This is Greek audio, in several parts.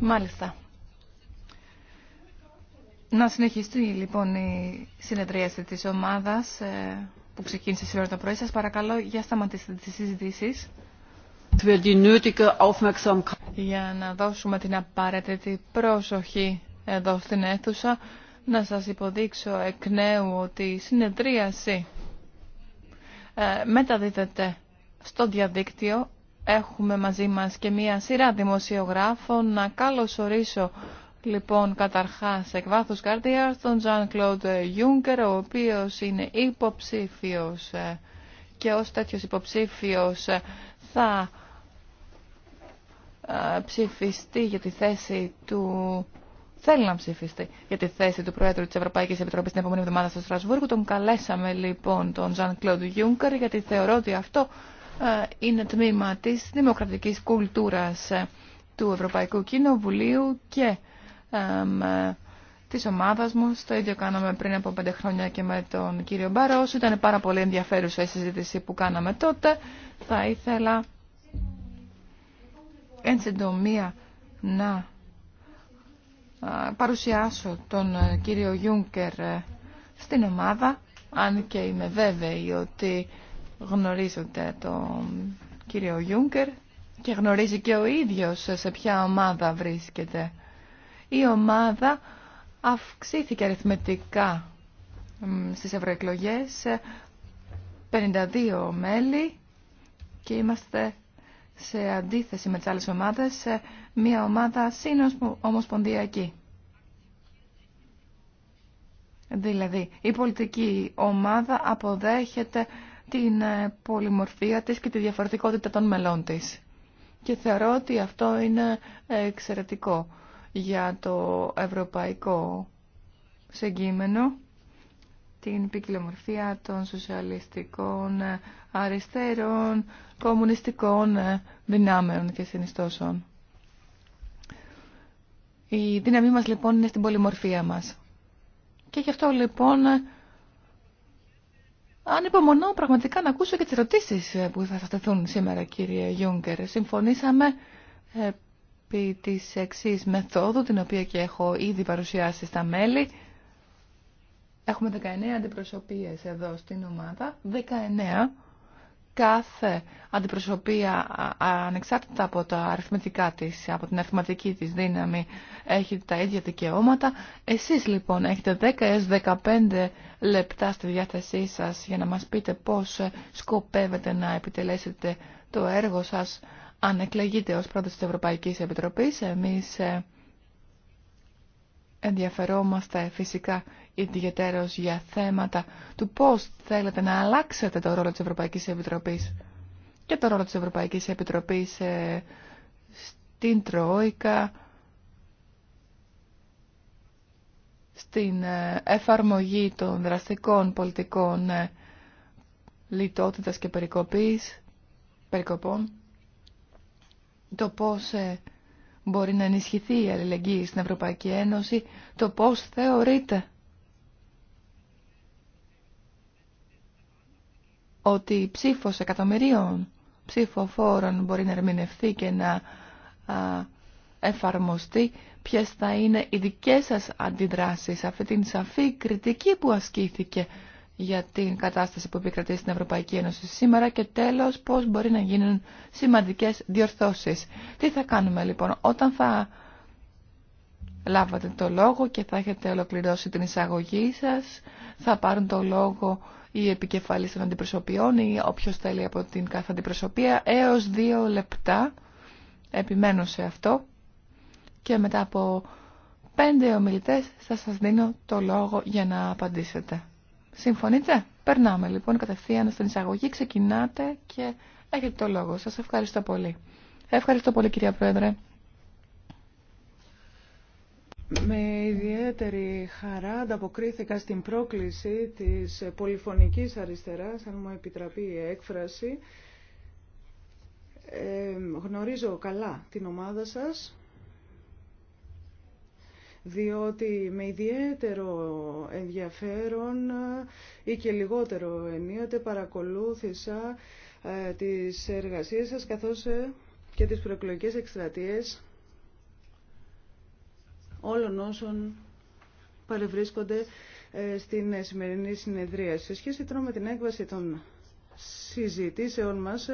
Μάλιστα. Να συνεχιστεί λοιπόν η συνεδρίαση της ομάδας ε, που ξεκίνησε σήμερα το πρωί. Σας παρακαλώ για σταματήστε τις συζητήσεις για να δώσουμε την απαραίτητη πρόσοχη εδώ στην αίθουσα να σας υποδείξω εκ νέου ότι η συνεδρίαση ε, μεταδίδεται στο διαδίκτυο έχουμε μαζί μας και μία σειρά δημοσιογράφων. Να καλωσορίσω λοιπόν καταρχάς εκ βάθους καρδίας τον Ζαν Κλόντ Ιούγκερ, ο οποίος είναι υποψήφιος ε, και ως τέτοιος υποψήφιος ε, θα ε, ψηφιστεί για τη θέση του θέλει να ψηφιστεί για τη θέση του Προέδρου της Ευρωπαϊκής Επιτροπής την επόμενη εβδομάδα στο Στρασβούργο. Τον καλέσαμε λοιπόν τον Ζαν Κλόντ Ιούγκερ γιατί θεωρώ ότι αυτό ε, είναι τμήμα της δημοκρατικής κουλτούρας ε, του Ευρωπαϊκού Κοινοβουλίου και ε, της ομάδας μου. Το ίδιο κάναμε πριν από πέντε χρόνια και με τον κύριο Μπαρός. Ήταν πάρα πολύ ενδιαφέρουσα η συζήτηση που κάναμε τότε. Θα ήθελα εν συντομία να παρουσιάσω τον κύριο Γιούνκερ στην ομάδα, αν και είμαι βέβαιη ότι γνωρίζετε τον κύριο Γιούγκερ και γνωρίζει και ο ίδιος σε ποια ομάδα βρίσκεται. Η ομάδα αυξήθηκε αριθμητικά στις ευρωεκλογέ 52 μέλη και είμαστε σε αντίθεση με τις άλλες ομάδες μια ομάδα ομοσπονδιακή. Δηλαδή, η πολιτική ομάδα αποδέχεται την ε, πολυμορφία της και τη διαφορετικότητα των μελών της. Και θεωρώ ότι αυτό είναι εξαιρετικό για το ευρωπαϊκό συγκείμενο την ποικιλομορφία των σοσιαλιστικών ε, αριστερών, κομμουνιστικών ε, δυνάμεων και συνιστώσεων. Η δύναμή μας λοιπόν είναι στην πολυμορφία μας. Και γι' αυτό λοιπόν αν υπομονώ πραγματικά να ακούσω και τις ερωτήσει ε, που θα σας τεθούν σήμερα κύριε Γιούγκερ. Συμφωνήσαμε ε, επί της εξής μεθόδου, την οποία και έχω ήδη παρουσιάσει στα μέλη. Έχουμε 19 αντιπροσωπείες εδώ στην ομάδα, 19 κάθε αντιπροσωπεία ανεξάρτητα από τα αριθμητικά της, από την αριθματική της δύναμη έχει τα ίδια δικαιώματα. Εσείς λοιπόν έχετε 10 έως 15 λεπτά στη διάθεσή σας για να μας πείτε πώς σκοπεύετε να επιτελέσετε το έργο σας αν εκλεγείτε ως πρόεδρος της Ευρωπαϊκής Επιτροπής. Εμείς ε, ενδιαφερόμαστε φυσικά ιδιαιτέρως για θέματα του πώς θέλετε να αλλάξετε το ρόλο της Ευρωπαϊκής Επιτροπής και το ρόλο της Ευρωπαϊκής Επιτροπής ε, στην Τρόικα, στην ε, εφαρμογή των δραστικών πολιτικών ε, λιτότητας και περικοπής, περικοπών, το πώς μπορεί να ενισχυθεί η αλληλεγγύη στην Ευρωπαϊκή Ένωση, το πώς θεωρείται ότι η ψήφος εκατομμυρίων ψηφοφόρων μπορεί να ερμηνευθεί και να εφαρμοστεί ποιες θα είναι οι δικές σας αντιδράσεις αυτή την σαφή κριτική που ασκήθηκε για την κατάσταση που επικρατεί στην Ευρωπαϊκή Ένωση σήμερα και τέλος πώς μπορεί να γίνουν σημαντικές διορθώσεις. Τι θα κάνουμε λοιπόν όταν θα λάβατε το λόγο και θα έχετε ολοκληρώσει την εισαγωγή σας, θα πάρουν το λόγο η επικεφαλής των αντιπροσωπιών ή όποιος θέλει από την κάθε αντιπροσωπεία έως δύο λεπτά. Επιμένω σε αυτό. Και μετά από πέντε ομιλητές θα σας δίνω το λόγο για να απαντήσετε. Συμφωνείτε? Περνάμε λοιπόν κατευθείαν στην εισαγωγή, ξεκινάτε και έχετε το λόγο. Σας ευχαριστώ πολύ. Ευχαριστώ πολύ κυρία Πρόεδρε. Με ιδιαίτερη χαρά ανταποκρίθηκα στην πρόκληση της πολυφωνικής αριστεράς, αν μου επιτραπεί η έκφραση. Ε, γνωρίζω καλά την ομάδα σας, διότι με ιδιαίτερο ενδιαφέρον ή και λιγότερο ενίοτε παρακολούθησα ε, τις εργασίες σας καθώς ε, και τις προεκλογικές εκστρατείες όλων όσων παρευρίσκονται ε, στην σημερινή συνεδρία. Σε σχέση τώρα με την έκβαση των συζητήσεων μας,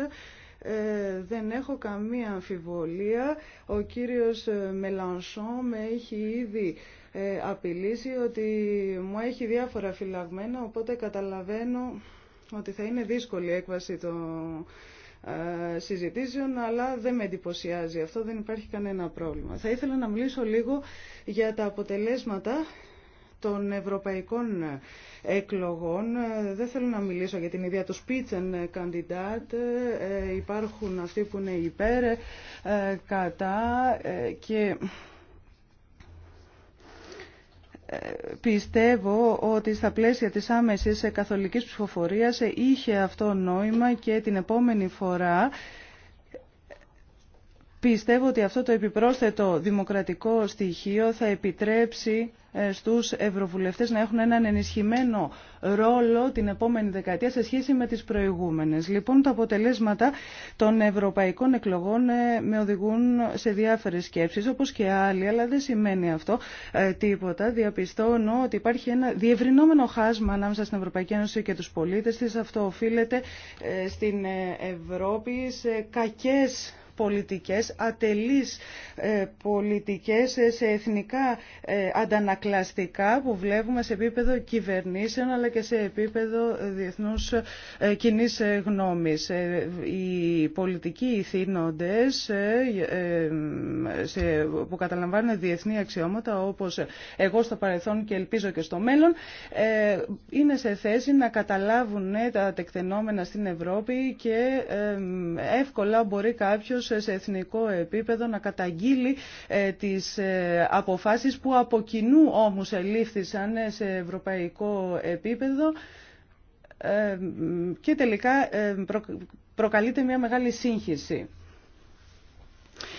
ε, δεν έχω καμία αμφιβολία. Ο κύριος ε, Μελανσό με έχει ήδη απειλήσει ότι μου έχει διάφορα φυλαγμένα, οπότε καταλαβαίνω ότι θα είναι δύσκολη η έκβαση των ε, συζητήσεων, αλλά δεν με εντυπωσιάζει αυτό, δεν υπάρχει κανένα πρόβλημα. Θα ήθελα να μιλήσω λίγο για τα αποτελέσματα των ευρωπαϊκών εκλογών. Δεν θέλω να μιλήσω για την ιδέα του Σπίτσεν candidate. Ε, υπάρχουν αυτοί που είναι υπέρ, ε, κατά και Πιστεύω ότι στα πλαίσια της άμεσης καθολικής ψηφοφορίας είχε αυτό νόημα και την επόμενη φορά πιστεύω ότι αυτό το επιπρόσθετο δημοκρατικό στοιχείο θα επιτρέψει ε, στους ευρωβουλευτές να έχουν έναν ενισχυμένο ρόλο την επόμενη δεκαετία σε σχέση με τις προηγούμενες. Λοιπόν, τα αποτελέσματα των ευρωπαϊκών εκλογών ε, με οδηγούν σε διάφορες σκέψεις, όπως και άλλοι, αλλά δεν σημαίνει αυτό ε, τίποτα. Διαπιστώνω ότι υπάρχει ένα διευρυνόμενο χάσμα ανάμεσα στην Ευρωπαϊκή Ένωση και τους πολίτες της. Αυτό οφείλεται στην Ευρώπη σε κακές πολιτικές, ατελείς ε, πολιτικές ε, σε εθνικά ε, αντανακλαστικά που βλέπουμε σε επίπεδο κυβερνήσεων αλλά και σε επίπεδο διεθνούς κοινή γνώμης. Οι πολιτικοί ηθήνοντες που καταλαμβάνουν διεθνή αξιώματα όπως εγώ στο παρελθόν και ελπίζω και στο μέλλον είναι σε θέση να καταλάβουν τα τεκτενόμενα στην Ευρώπη και εύκολα μπορεί κάποιο σε εθνικό επίπεδο να καταγγείλει ε, τις ε, αποφάσεις που από κοινού όμως ελήφθησαν ε, σε ευρωπαϊκό επίπεδο και τελικά προκαλείται μια μεγάλη σύγχυση.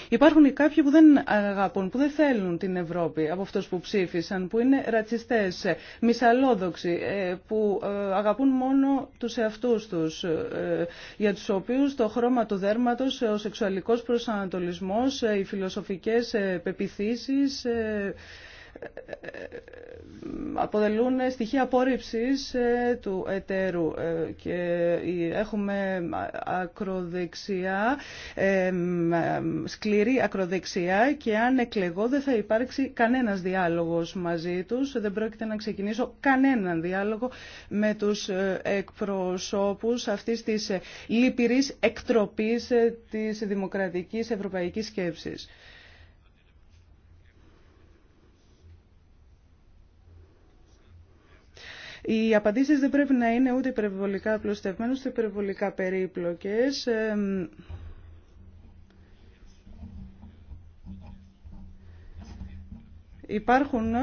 Υπάρχουν κάποιοι που δεν αγαπούν, που δεν θέλουν την Ευρώπη από αυτού που ψήφισαν, που είναι ρατσιστέ, μυσαλόδοξοι, ε, που ε, αγαπούν μόνο τους εαυτούς τους, ε, για του οποίου, το χρώμα του δέρματο, ο σεξουαλικό προσανατολισμό, οι φιλοσοφικές πεπιθήσεις αποτελούν στοιχεία απόρριψης ε, του εταίρου ε, και έχουμε ακροδεξιά, ε, σκληρή ακροδεξιά και αν εκλεγώ δεν θα υπάρξει κανένας διάλογος μαζί τους. Δεν πρόκειται να ξεκινήσω κανέναν διάλογο με τους εκπροσώπους αυτής της λυπηρής εκτροπής της δημοκρατικής ευρωπαϊκής σκέψης. Οι απαντήσεις δεν πρέπει να είναι ούτε υπερβολικά απλωστευμένες ούτε υπερβολικά περίπλοκες. Υπάρχουν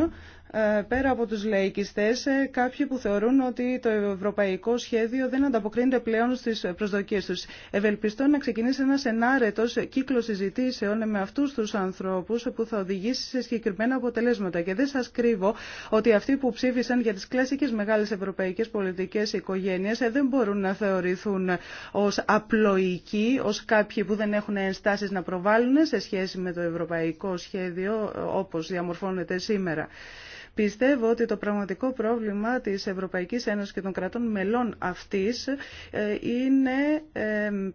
ε, πέρα από τους λαϊκιστές ε, κάποιοι που θεωρούν ότι το ευρωπαϊκό σχέδιο δεν ανταποκρίνεται πλέον στις προσδοκίες τους. Ευελπιστώ να ξεκινήσει ένας ενάρετος κύκλος συζητήσεων με αυτούς τους ανθρώπους που θα οδηγήσει σε συγκεκριμένα αποτελέσματα. Και δεν σας κρύβω ότι αυτοί που ψήφισαν για τις κλασικές μεγάλες ευρωπαϊκές πολιτικές οικογένειες ε, δεν μπορούν να θεωρηθούν ως απλοϊκοί, ως κάποιοι που δεν έχουν ενστάσεις να προβάλλουν σε σχέση με το ευρωπαϊκό σχέδιο όπως διαμορφώνεται σήμερα. Πιστεύω ότι το πραγματικό πρόβλημα της Ευρωπαϊκής Ένωσης και των κρατών μελών αυτής ε, είναι,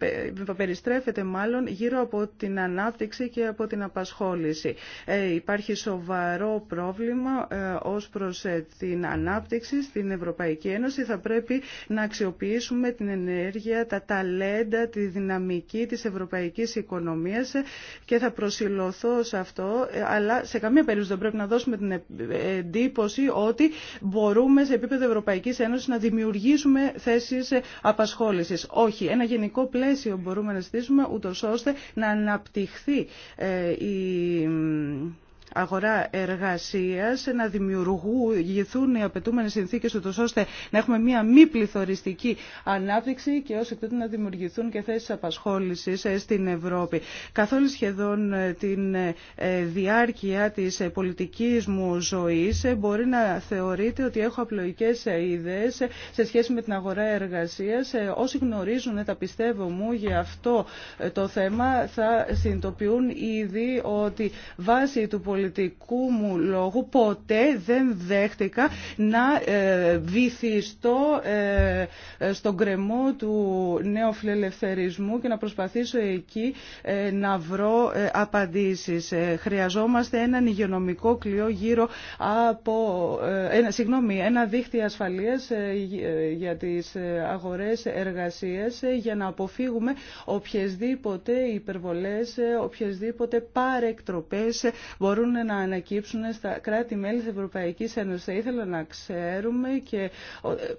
περιστρέφεται μάλλον γύρω από την ανάπτυξη και από την απασχόληση. Ε, υπάρχει σοβαρό πρόβλημα ε, ως προς την ανάπτυξη στην Ευρωπαϊκή Ένωση. Θα πρέπει να αξιοποιήσουμε την ενέργεια, τα ταλέντα, τη δυναμική της ευρωπαϊκής οικονομίας και θα προσιλωθώ σε αυτό, αλλά σε καμία περίπτωση δεν πρέπει να δώσουμε την εντύπωση ότι μπορούμε σε επίπεδο Ευρωπαϊκής Ένωσης να δημιουργήσουμε θέσεις απασχόλησης. Όχι, ένα γενικό πλαίσιο μπορούμε να στήσουμε ούτως ώστε να αναπτυχθεί ε, η αγορά εργασίας, να δημιουργηθούν οι απαιτούμενες συνθήκες ώστε να έχουμε μια μη πληθωριστική ανάπτυξη και ως εκ να δημιουργηθούν και θέσεις απασχόλησης ε, στην Ευρώπη. Καθόλου σχεδόν ε, την ε, διάρκεια της πολιτικής μου ζωής μπορεί να θεωρείται ότι έχω απλοϊκές ιδέες σε σχέση με την αγορά εργασίας. Όσοι γνωρίζουν τα πιστεύω μου για αυτό το θέμα θα συνειδητοποιούν ήδη ότι βάσει του πολιτικού πολιτικού μου λόγου ποτέ δεν δέχτηκα να ε, βυθιστώ ε, ε, στον κρεμό του νέου φιλελευθερισμού και να προσπαθήσω εκεί να βρω απαντήσεις. Χρειαζόμαστε έναν υγειονομικό κλειό γύρω από ένα, συγγνώμη, ένα δίχτυ ασφαλείας για τις αγορές εργασίας για να αποφύγουμε οποιασδήποτε υπερβολές, οποιασδήποτε παρεκτροπές μπορούν να ανακύψουν στα κράτη-μέλη της Ευρωπαϊκής Ένωσης. Θα ήθελα να ξέρουμε και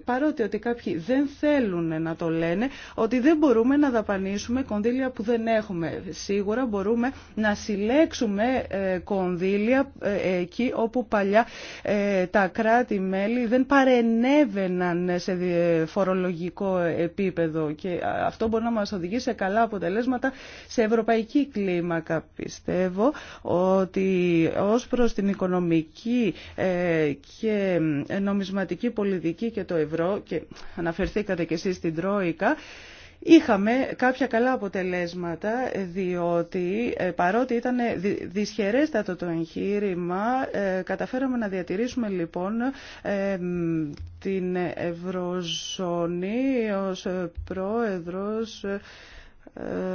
παρότι ότι κάποιοι δεν θέλουν να το λένε, ότι δεν μπορούμε να δαπανίσουμε κονδύλια που δεν έχουμε. Σίγουρα μπορούμε να συλλέξουμε ε, κονδύλια ε, εκεί όπου παλιά ε, τα κράτη-μέλη δεν παρενέβαιναν σε φορολογικό επίπεδο και αυτό μπορεί να μας οδηγήσει σε καλά αποτελέσματα σε ευρωπαϊκή κλίμακα. Πιστεύω ότι ως προς την οικονομική ε, και ε, νομισματική πολιτική και το ευρώ και αναφερθήκατε και εσείς στην Τρόικα Είχαμε κάποια καλά αποτελέσματα διότι ε, παρότι ήταν δυσχερέστατο το εγχείρημα καταφέραμε να διατηρήσουμε λοιπόν την Ευρωζώνη ως πρόεδρος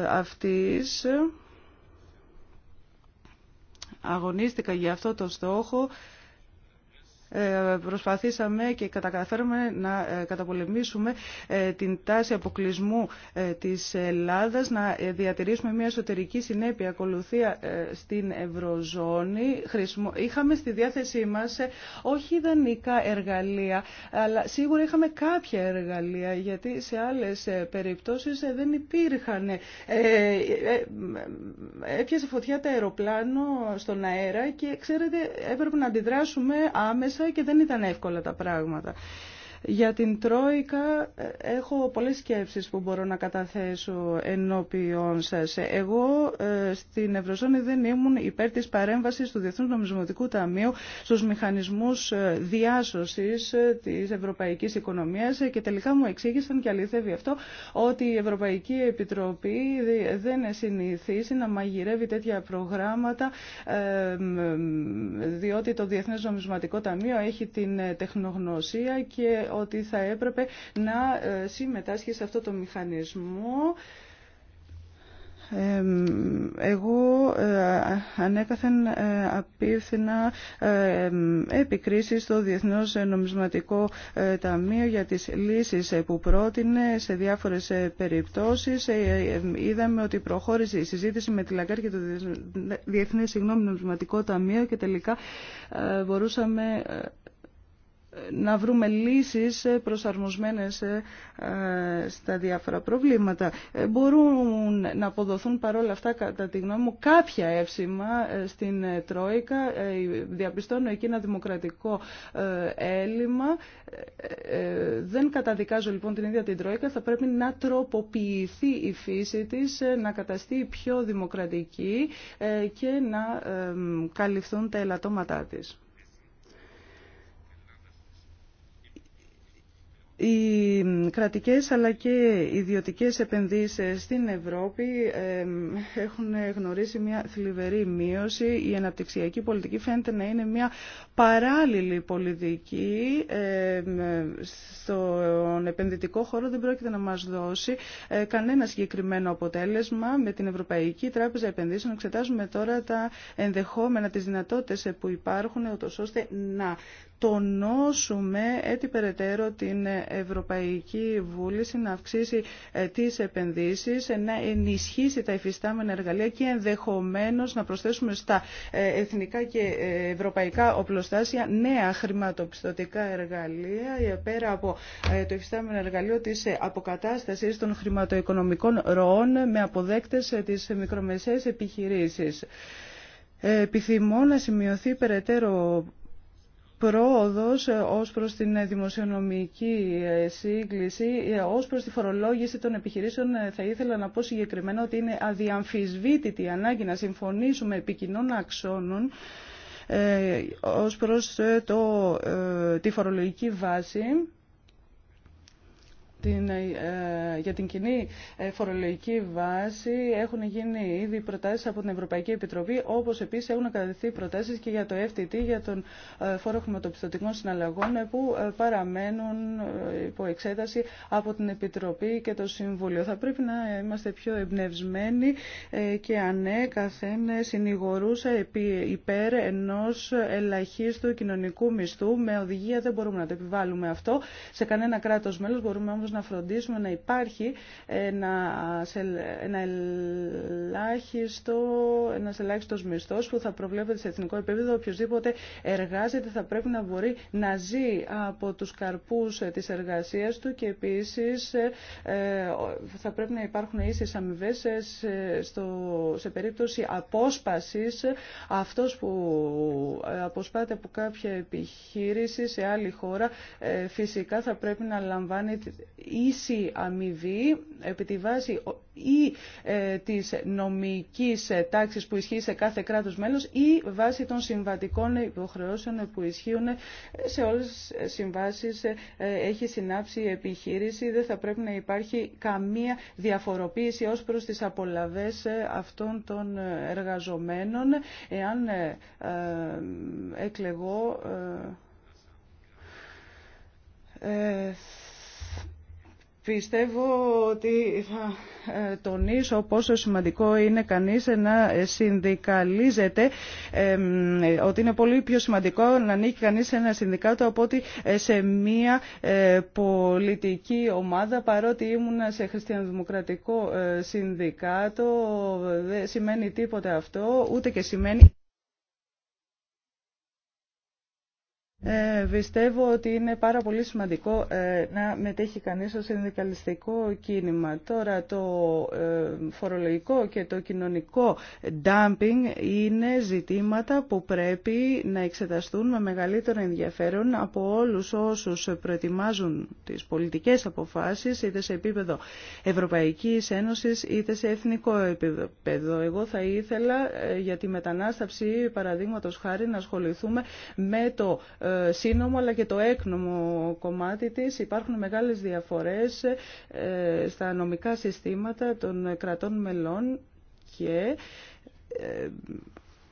αυτής αγωνίστηκα για αυτό το στόχο ε, προσπαθήσαμε και καταφέραμε να ε, καταπολεμήσουμε ε, την τάση αποκλεισμού της Ελλάδας, να διατηρήσουμε μια εσωτερική συνέπεια ακολουθία στην Ευρωζώνη. Είχαμε στη διάθεσή μας όχι ιδανικά εργαλεία, αλλά σίγουρα είχαμε κάποια εργαλεία, γιατί σε άλλες περιπτώσεις δεν υπήρχαν. Έπιασε φωτιά το αεροπλάνο στον αέρα και ξέρετε έπρεπε να αντιδράσουμε άμεσα και δεν ήταν εύκολα τα πράγματα. Για την Τρόικα ε, έχω πολλές σκέψεις που μπορώ να καταθέσω ενώπιον σας. Εγώ ε, στην Ευρωζώνη δεν ήμουν υπέρ της παρέμβασης του Διεθνούς Νομισματικού Ταμείου στους μηχανισμούς ε, διάσωσης της ευρωπαϊκής οικονομίας και τελικά μου εξήγησαν και αληθεύει αυτό ότι η Ευρωπαϊκή Επιτροπή δεν συνηθίσει να μαγειρεύει τέτοια προγράμματα διότι το Διεθνές Νομισματικό Ταμείο έχει την τεχνογνωσία ότι θα έπρεπε να ε, συμμετάσχει σε αυτό το μηχανισμό. Εγώ ε, ανέκαθεν ε, να επικρίσεις στο Διεθνώς Νομισματικό Ταμείο για τις λύσεις που πρότεινε σε διάφορες περιπτώσεις. Είδαμε ότι προχώρησε η συζήτηση με τη Λαγκάρ και το Διεθνές Συγγνώμη Νομισματικό Ταμείο και τελικά μπορούσαμε να βρούμε λύσεις προσαρμοσμένες ε, στα διάφορα προβλήματα. Ε, μπορούν να αποδοθούν παρόλα αυτά, κατά τη γνώμη μου, κάποια εύσημα ε, στην Τρόικα. Διαπιστώνω εκεί ένα δημοκρατικό έλλειμμα. Δεν καταδικάζω λοιπόν την ίδια την Τρόικα. Θα πρέπει να τροποποιηθεί η φύση της, να καταστεί πιο δημοκρατική και να καλυφθούν τα ελαττώματά της. οι κρατικές αλλά και ιδιωτικές επενδύσεις στην Ευρώπη έχουν γνωρίσει μια θλιβερή μείωση. Η αναπτυξιακή πολιτική φαίνεται να είναι μια παράλληλη πολιτική. Στον επενδυτικό χώρο δεν πρόκειται να μας δώσει ε, κανένα συγκεκριμένο αποτέλεσμα. Με την Ευρωπαϊκή Τράπεζα Επενδύσεων εξετάζουμε τώρα τα ενδεχόμενα, τις δυνατότητες που υπάρχουν, ώστε να τονώσουμε έτσι περαιτέρω την Ευρωπαϊκή Βούληση να αυξήσει ε, τις επενδύσεις, ε, να ενισχύσει τα υφιστάμενα εργαλεία και ενδεχομένως να προσθέσουμε στα ε, εθνικά και ευρωπαϊκά οπλοστάσια νέα χρηματοπιστωτικά εργαλεία πέρα από το υφιστάμενο εργαλείο της αποκατάστασης των χρηματοοικονομικών ροών με αποδέκτες τις μικρομεσαίες επιχειρήσεις. Επιθυμώ να σημειωθεί περαιτέρω πρόοδος ε, ως προς την δημοσιονομική ε, σύγκληση, ε, ως προς τη φορολόγηση των επιχειρήσεων θα ήθελα να πω συγκεκριμένα ότι είναι αδιαμφισβήτητη η ανάγκη να συμφωνήσουμε επί κοινών αξώνων ως προς το, τη φορολογική βάση την, ε, για την κοινή ε, φορολογική βάση έχουν γίνει ήδη προτάσεις από την Ευρωπαϊκή Επιτροπή, όπως επίσης έχουν κατατεθεί προτάσεις και για το FTT, για τον ε, φόρο χρηματοπιστωτικών συναλλαγών, που παραμένουν υπό εξέταση από την Επιτροπή και το Συμβούλιο. Θα πρέπει να είμαστε πιο εμπνευσμένοι και ανέκαθεν συνηγορούσα υπέρ ενός ελαχίστου κοινωνικού μισθού. Με οδηγία δεν μπορούμε να το επιβάλλουμε αυτό. Σε κανένα κράτος μέλος μπορούμε όμως να φροντίσουμε να υπάρχει ένα, ένα ελάχιστο, ένας ελάχιστος μισθός που θα προβλέπεται σε εθνικό επίπεδο. Οποιοςδήποτε εργάζεται θα πρέπει να μπορεί να ζει από τους καρπούς ε, της εργασίας του και επίσης ε, ε, θα πρέπει να υπάρχουν ίσες αμοιβέ σε περίπτωση απόσπασης αυτός που αποσπάται από κάποια επιχείρηση σε άλλη χώρα φυσικά θα πρέπει να λαμβάνει ίση αμοιβή επί τη βάση ή ε, της νομικής ε, τάξης που ισχύει σε κάθε κράτος μέλος ή βάσει των συμβατικών υποχρεώσεων που ισχύουν ε, σε όλες τις συμβάσεις έχει συνάψει η επιχείρηση. Δεν θα πρέπει να υπάρχει καμία διαφοροποίηση ως προς τις απολαβές αυτών των εργαζομένων εάν εκλεγώ Πιστεύω ότι θα ε, τονίσω πόσο σημαντικό είναι κανείς να συνδικαλίζεται, ότι είναι πολύ πιο σημαντικό να ανήκει κανείς σε ένα συνδικάτο από ότι ε, σε μία ε, πολιτική ομάδα. Παρότι ήμουν σε χριστιανοδημοκρατικό συνδικάτο, δεν σημαίνει τίποτα αυτό, ούτε και σημαίνει Ε, πιστεύω ότι είναι πάρα πολύ σημαντικό ε, να μετέχει κανείς στο συνδικαλιστικό κίνημα. Τώρα το ε, φορολογικό και το κοινωνικό dumping είναι ζητήματα που πρέπει να εξεταστούν με μεγαλύτερο ενδιαφέρον από όλους όσους προετοιμάζουν τις πολιτικές αποφάσεις είτε σε επίπεδο Ευρωπαϊκής Ένωσης είτε σε εθνικό επίπεδο. Εγώ θα ήθελα ε, για τη μετανάσταψη, παραδείγματος χάρη να ασχοληθούμε με το σύνομο αλλά και το έκνομο κομμάτι της. Υπάρχουν μεγάλες διαφορές ε, στα νομικά συστήματα των κρατών μελών και ε,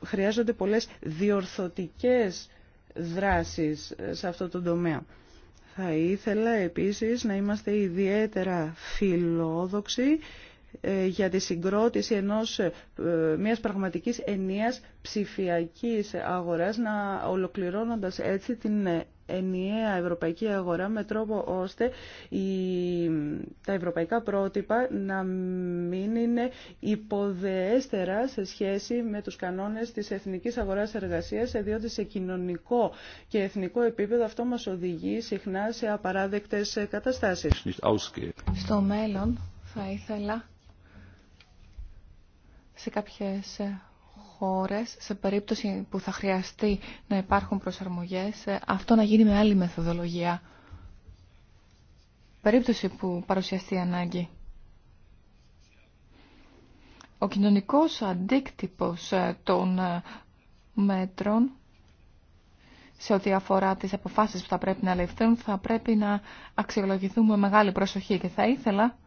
χρειάζονται πολλές διορθωτικές δράσεις ε, σε αυτό το τομέα. Θα ήθελα επίσης να είμαστε ιδιαίτερα φιλόδοξοι ε, για τη συγκρότηση ενός, ε, μιας πραγματικής ενίας ψηφιακής αγοράς, να ολοκληρώνοντας έτσι την ενιαία ευρωπαϊκή αγορά με τρόπο ώστε η, τα ευρωπαϊκά πρότυπα να μην είναι υποδεέστερα σε σχέση με τους κανόνες της εθνικής αγοράς εργασίας διότι σε κοινωνικό και εθνικό επίπεδο αυτό μας οδηγεί συχνά σε απαράδεκτες καταστάσεις. Στο μέλλον θα ήθελα σε κάποιες χώρες, σε περίπτωση που θα χρειαστεί να υπάρχουν προσαρμογές, αυτό να γίνει με άλλη μεθοδολογία. Περίπτωση που παρουσιαστεί ανάγκη. Ο κοινωνικός αντίκτυπος ε, των ε, μέτρων σε ό,τι αφορά τις αποφάσεις που θα πρέπει να ληφθούν, θα πρέπει να αξιολογηθούμε με μεγάλη προσοχή και θα ήθελα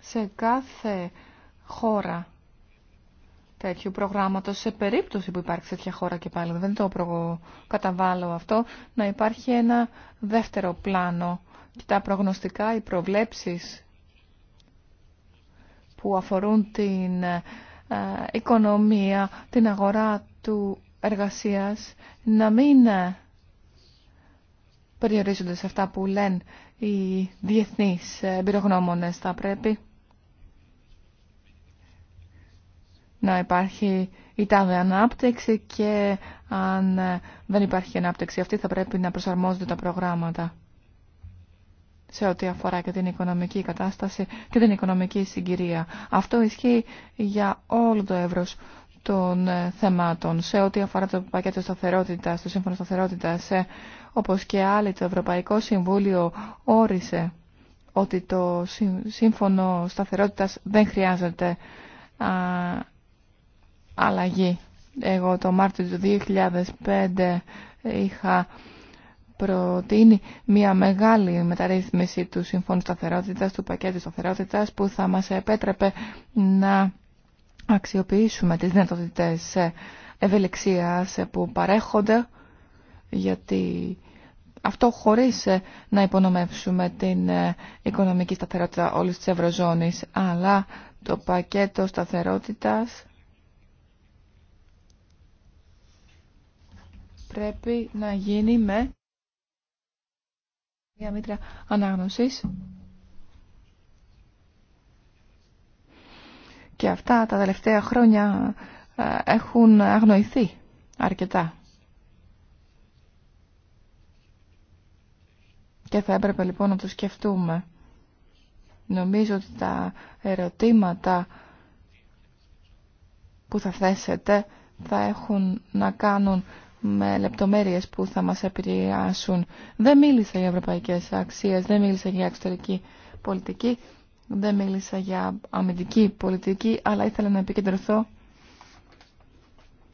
σε κάθε χώρα τέτοιου προγράμματος σε περίπτωση που υπάρχει τέτοια χώρα και πάλι δεν το καταβάλω αυτό να υπάρχει ένα δεύτερο πλάνο και τα προγνωστικά οι προβλέψεις που αφορούν την ε, οικονομία, την αγορά του εργασίας να μην ε, περιορίζονται σε αυτά που λένε οι διεθνείς εμπειρογνώμονες θα πρέπει να υπάρχει η τάδε ανάπτυξη και αν δεν υπάρχει ανάπτυξη αυτή θα πρέπει να προσαρμόζονται τα προγράμματα σε ό,τι αφορά και την οικονομική κατάσταση και την οικονομική συγκυρία. Αυτό ισχύει για όλο το εύρος των θεμάτων σε ό,τι αφορά το πακέτο σταθερότητα, το σύμφωνο σταθερότητα, ε, όπως και άλλοι το Ευρωπαϊκό Συμβούλιο όρισε ότι το σύμφωνο σταθερότητας δεν χρειάζεται αλλαγή. Εγώ το Μάρτιο του 2005 είχα προτείνει μια μεγάλη μεταρρύθμιση του Συμφώνου Σταθερότητας, του πακέτου σταθερότητας που θα μας επέτρεπε να αξιοποιήσουμε τις δυνατότητες ευελιξίας που παρέχονται γιατί αυτό χωρίς να υπονομεύσουμε την οικονομική σταθερότητα όλης της Ευρωζώνης αλλά το πακέτο σταθερότητας πρέπει να γίνει με μια μήτρα ανάγνωσης. Και αυτά τα τελευταία χρόνια ε, έχουν αγνοηθεί αρκετά. Και θα έπρεπε λοιπόν να το σκεφτούμε. Νομίζω ότι τα ερωτήματα που θα θέσετε θα έχουν να κάνουν με λεπτομέρειες που θα μας επηρεάσουν. Δεν μίλησα για ευρωπαϊκές αξίες, δεν μίλησα για εξωτερική πολιτική, δεν μίλησα για αμυντική πολιτική, αλλά ήθελα να επικεντρωθώ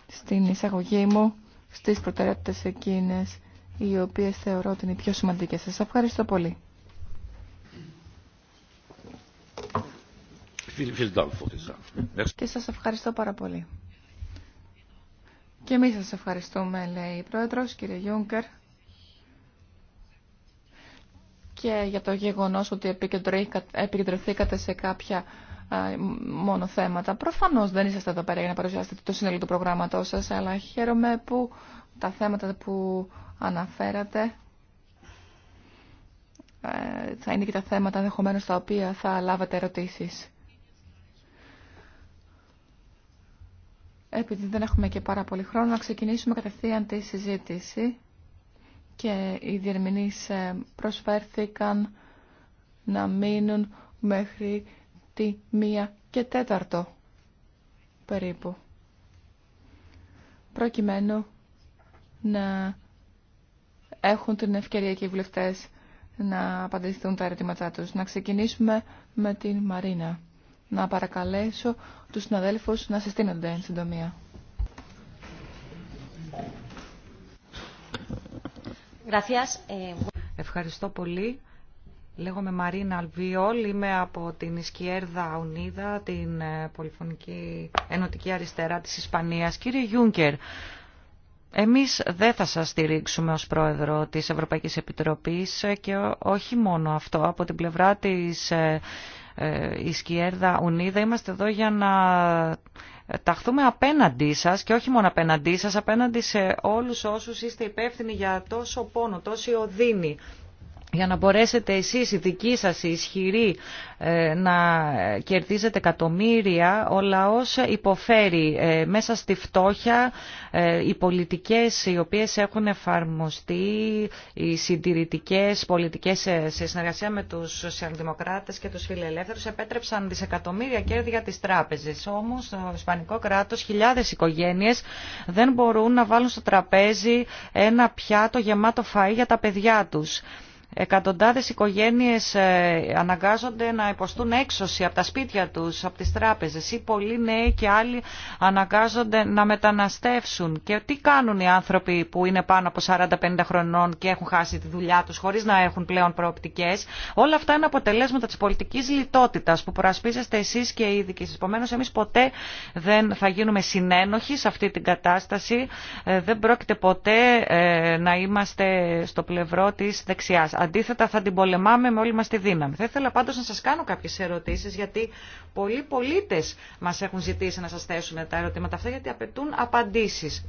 στην εισαγωγή μου, στις προτεραιότητες εκείνες, οι οποίες θεωρώ ότι είναι οι πιο σημαντικές. Σας ευχαριστώ πολύ. Και σας ευχαριστώ πάρα πολύ. Και εμείς σας ευχαριστούμε, λέει η Πρόεδρος, κύριε Γιούγκερ. Και για το γεγονός ότι επικεντρωθήκατε σε κάποια μόνο θέματα. Προφανώς δεν είσαστε εδώ πέρα για να παρουσιάσετε το σύνολο του προγράμματός σας, αλλά χαίρομαι που τα θέματα που αναφέρατε ε, θα είναι και τα θέματα ενδεχομένω στα οποία θα λάβετε ερωτήσεις. Επειδή δεν έχουμε και πάρα πολύ χρόνο, να ξεκινήσουμε κατευθείαν τη συζήτηση και οι διερμηνείς ε, προσφέρθηκαν να μείνουν μέχρι τη μία και τέταρτο περίπου προκειμένου να έχουν την ευκαιρία και οι βουλευτές να απαντηθούν τα ερωτήματά τους. Να ξεκινήσουμε με την Μαρίνα να παρακαλέσω τους συναδέλφους να συστήνονται εν συντομία. Ε, Ευχαριστώ πολύ. Λέγομαι Μαρίνα Αλβιόλ, είμαι από την Ισκιέρδα Ουνίδα, την ε, Πολυφωνική Ενωτική Αριστερά της Ισπανίας. Κύριε Γιούγκερ, εμείς δεν θα σας στηρίξουμε ως πρόεδρο της Ευρωπαϊκής Επιτροπής ε, και όχι μόνο αυτό, από την πλευρά της ε, η Σκιέρδα Ουνίδα, είμαστε εδώ για να ταχθούμε απέναντί σας και όχι μόνο απέναντί σας, απέναντι σε όλους όσους είστε υπεύθυνοι για τόσο πόνο, τόση οδύνη για να μπορέσετε εσείς οι δικοί σας οι ισχυροί ε, να κερδίζετε εκατομμύρια, ο λαός υποφέρει ε, μέσα στη φτώχεια ε, οι πολιτικές οι οποίες έχουν εφαρμοστεί, οι συντηρητικές πολιτικές σε συνεργασία με τους σοσιαλδημοκράτες και τους φιλελεύθερους επέτρεψαν δισεκατομμύρια κέρδη για τις τράπεζες. Όμως το Ισπανικό κράτος χιλιάδες οικογένειες δεν μπορούν να βάλουν στο τραπέζι ένα πιάτο γεμάτο φαΐ για τα παιδιά τους. Εκατοντάδες οικογένειες ε, αναγκάζονται να υποστούν έξωση από τα σπίτια τους, από τις τράπεζες ή πολλοί νέοι και άλλοι αναγκάζονται να μεταναστεύσουν. Και τι κάνουν οι άνθρωποι που είναι πάνω από 40-50 χρονών και έχουν χάσει τη δουλειά τους χωρίς να έχουν πλέον προοπτικές. Όλα αυτά είναι αποτελέσματα της πολιτικής λιτότητας που προασπίζεστε εσείς και οι ειδικοί. Επομένως εμείς ποτέ δεν θα γίνουμε συνένοχοι σε αυτή την κατάσταση. Ε, δεν πρόκειται ποτέ ε, να είμαστε στο πλευρό της δεξιάς. Αντίθετα θα την πολεμάμε με όλη μας τη δύναμη. Θα ήθελα πάντως να σας κάνω κάποιες ερωτήσεις γιατί πολλοί πολίτες μας έχουν ζητήσει να σας θέσουν τα ερωτήματα αυτά γιατί απαιτούν απαντήσεις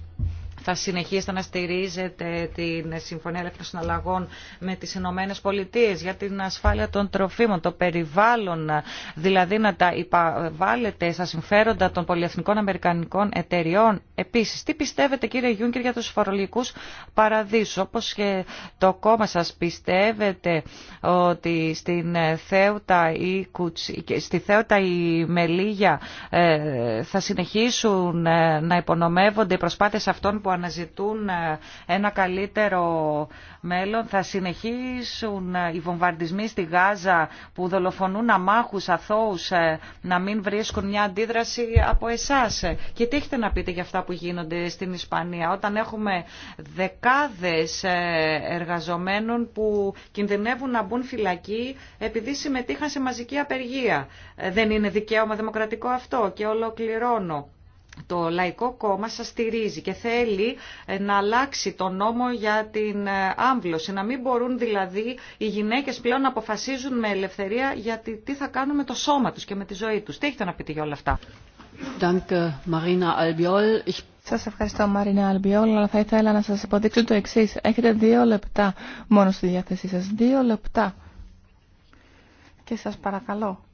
θα συνεχίσετε να στηρίζετε την Συμφωνία Ελεύθερων Συναλλαγών με τις Ηνωμένε Πολιτείε για την ασφάλεια των τροφίμων, το περιβάλλον, δηλαδή να τα υπαβάλλετε στα συμφέροντα των πολυεθνικών Αμερικανικών εταιριών. Επίσης, τι πιστεύετε κύριε Γιούνκερ για τους φορολογικούς παραδείσους, όπως και το κόμμα σας πιστεύετε ότι στην Θέουτα ή στη Θέουτα η Μελίγια ε, θα συνεχίσουν ε, να υπονομεύονται οι προσπάθειες αυτών που να ζητούν ε, ένα καλύτερο μέλλον. Θα συνεχίσουν ε, οι βομβαρδισμοί στη Γάζα που δολοφονούν αμάχους, αθώους, ε, να μην βρίσκουν μια αντίδραση από εσάς. Και τι έχετε να πείτε για αυτά που γίνονται στην Ισπανία όταν έχουμε δεκάδες εργαζομένων που κινδυνεύουν να μπουν φυλακή επειδή συμμετείχαν σε μαζική απεργία. Δεν είναι δικαίωμα δημοκρατικό αυτό και ολοκληρώνω το Λαϊκό Κόμμα σας στηρίζει και θέλει ε, να αλλάξει το νόμο για την ε, άμβλωση. Να μην μπορούν δηλαδή οι γυναίκες πλέον να αποφασίζουν με ελευθερία γιατί τι θα κάνουν με το σώμα τους και με τη ζωή τους. Τι έχετε να πείτε για όλα αυτά. Σα ευχαριστώ Μαρίνα Αλμπιόλ, αλλά θα ήθελα να σα υποδείξω το εξή. Έχετε δύο λεπτά μόνο στη διάθεσή σα, Δύο λεπτά. Και σα παρακαλώ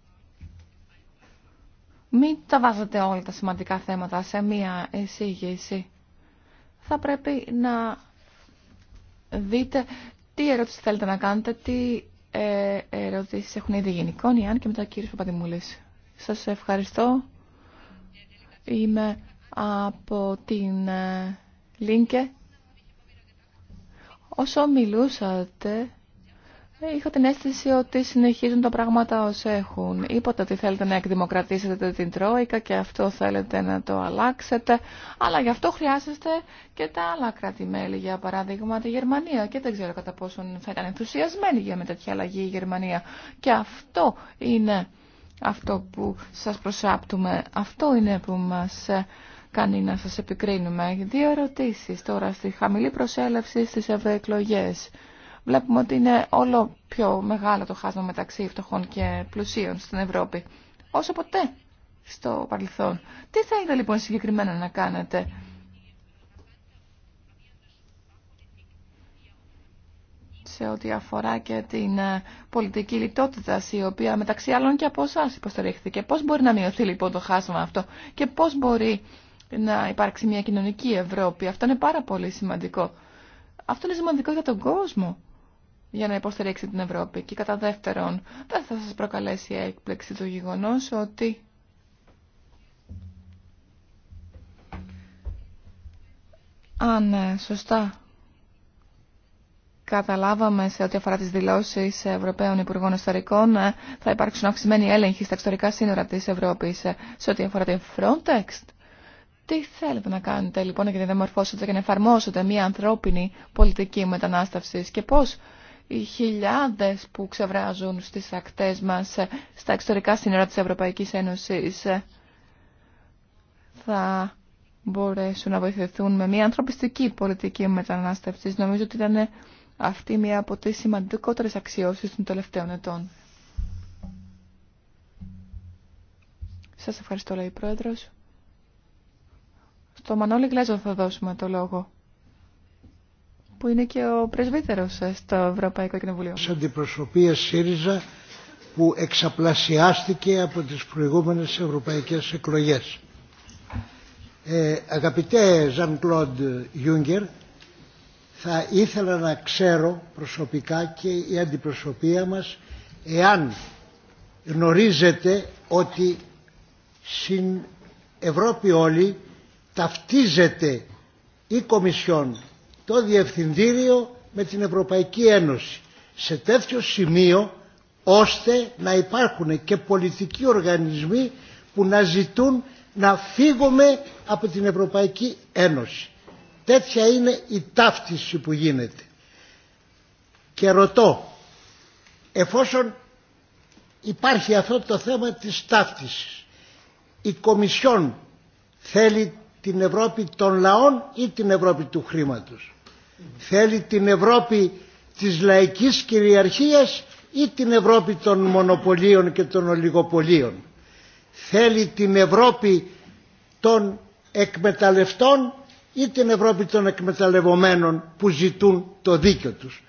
μην τα βάζετε όλα τα σημαντικά θέματα σε μία εισήγηση. Θα πρέπει να δείτε τι ερώτηση θέλετε να κάνετε, τι ε, ερωτήσεις έχουν ήδη γενικών, αν και μετά ο κύριος Παπαδημούλης. Σας ευχαριστώ. Είμαι από την ε, Λίνκε. Όσο μιλούσατε, είχα την αίσθηση ότι συνεχίζουν τα πράγματα ως έχουν. Είπατε ότι θέλετε να εκδημοκρατήσετε την Τρόικα και αυτό θέλετε να το αλλάξετε, αλλά γι' αυτό χρειάζεστε και τα άλλα κράτη-μέλη, για παράδειγμα τη Γερμανία. Και δεν ξέρω κατά πόσον θα ήταν ενθουσιασμένη για με τέτοια αλλαγή η Γερμανία. Και αυτό είναι αυτό που σας προσάπτουμε, αυτό είναι που μας ε, κάνει να σας επικρίνουμε. Δύο ερωτήσεις τώρα στη χαμηλή προσέλευση στις ευρωεκλογές βλέπουμε ότι είναι όλο πιο μεγάλο το χάσμα μεταξύ φτωχών και πλουσίων στην Ευρώπη. Όσο ποτέ στο παρελθόν. Τι θα είδα λοιπόν συγκεκριμένα να κάνετε. σε ό,τι αφορά και την ε, πολιτική λιτότητα, η οποία μεταξύ άλλων και από εσά υποστηρίχθηκε. Πώς μπορεί να μειωθεί λοιπόν το χάσμα αυτό και πώς μπορεί να υπάρξει μια κοινωνική Ευρώπη. Αυτό είναι πάρα πολύ σημαντικό. Αυτό είναι σημαντικό για τον κόσμο για να υποστηρίξει την Ευρώπη. Και κατά δεύτερον, δεν θα σας προκαλέσει η έκπληξη του γεγονός ότι αν ε, σωστά καταλάβαμε σε ό,τι αφορά τις δηλώσεις Ευρωπαίων Υπουργών Ιστορικών ε, θα υπάρξουν αυξημένοι έλεγχοι στα εξωτερικά σύνορα της Ευρώπης ε, σε ό,τι αφορά την Frontex. Τι θέλετε να κάνετε λοιπόν για να διαμορφώσετε και να εφαρμόσετε μια ανθρώπινη πολιτική μετανάστευσης και πώς οι χιλιάδες που ξεβράζουν στις ακτές μας, ε, στα εξωτερικά σύνορα της Ευρωπαϊκής Ένωσης, ε, θα μπορέσουν να βοηθηθούν με μια ανθρωπιστική πολιτική μετανάστευση. Νομίζω ότι ήταν αυτή μια από τις σημαντικότερες αξιώσεις των τελευταίων ετών. Σας ευχαριστώ, λέει η Πρόεδρος. Στο Μανώλη Γλέζο θα δώσουμε το λόγο που είναι και ο πρεσβύτερος στο Ευρωπαϊκό Κοινοβουλίο. Σε αντιπροσωπεία ΣΥΡΙΖΑ που εξαπλασιάστηκε από τις προηγούμενες ευρωπαϊκές εκλογές. Ε, αγαπητέ Ζαν Κλοντ Γιούγκερ, θα ήθελα να ξέρω προσωπικά και η αντιπροσωπεία μας εάν γνωρίζετε ότι στην Ευρώπη όλοι ταυτίζεται η Κομισιόν το Διευθυντήριο με την Ευρωπαϊκή Ένωση σε τέτοιο σημείο ώστε να υπάρχουν και πολιτικοί οργανισμοί που να ζητούν να φύγουμε από την Ευρωπαϊκή Ένωση. Τέτοια είναι η ταύτιση που γίνεται. Και ρωτώ, εφόσον υπάρχει αυτό το θέμα της ταύτισης, η Κομισιόν θέλει την Ευρώπη των λαών ή την Ευρώπη του χρήματος. Θέλει την Ευρώπη της λαϊκής κυριαρχίας ή την Ευρώπη των μονοπωλίων και των ολιγοπωλίων. Θέλει την Ευρώπη των εκμεταλλευτών ή την Ευρώπη των εκμεταλλευομένων που ζητούν το δίκιο τους.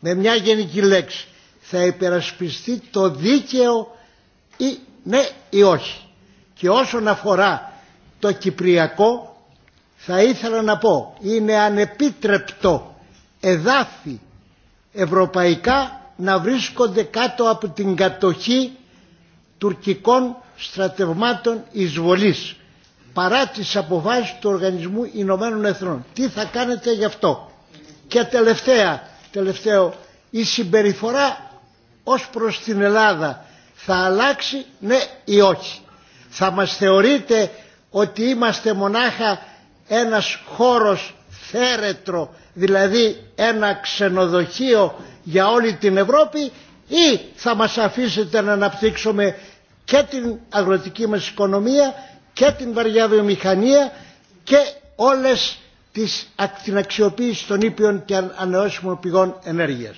Με μια γενική λέξη θα υπερασπιστεί το δίκαιο ή ναι ή όχι. Και όσον αφορά το κυπριακό θα ήθελα να πω είναι ανεπίτρεπτο εδάφη ευρωπαϊκά να βρίσκονται κάτω από την κατοχή τουρκικών στρατευμάτων εισβολής παρά τις αποφάσεις του Οργανισμού Ηνωμένων Εθνών. Τι θα κάνετε γι' αυτό. Και τελευταία, τελευταίο, η συμπεριφορά ως προς την Ελλάδα θα αλλάξει ναι ή όχι. Θα μας θεωρείτε ότι είμαστε μονάχα ένας χώρος θέρετρο, δηλαδή ένα ξενοδοχείο για όλη την Ευρώπη ή θα μας αφήσετε να αναπτύξουμε και την αγροτική μας οικονομία και την βαριά βιομηχανία και όλες τις, την αξιοποίηση των ήπιων και ανανεώσιμων πηγών ενέργειας.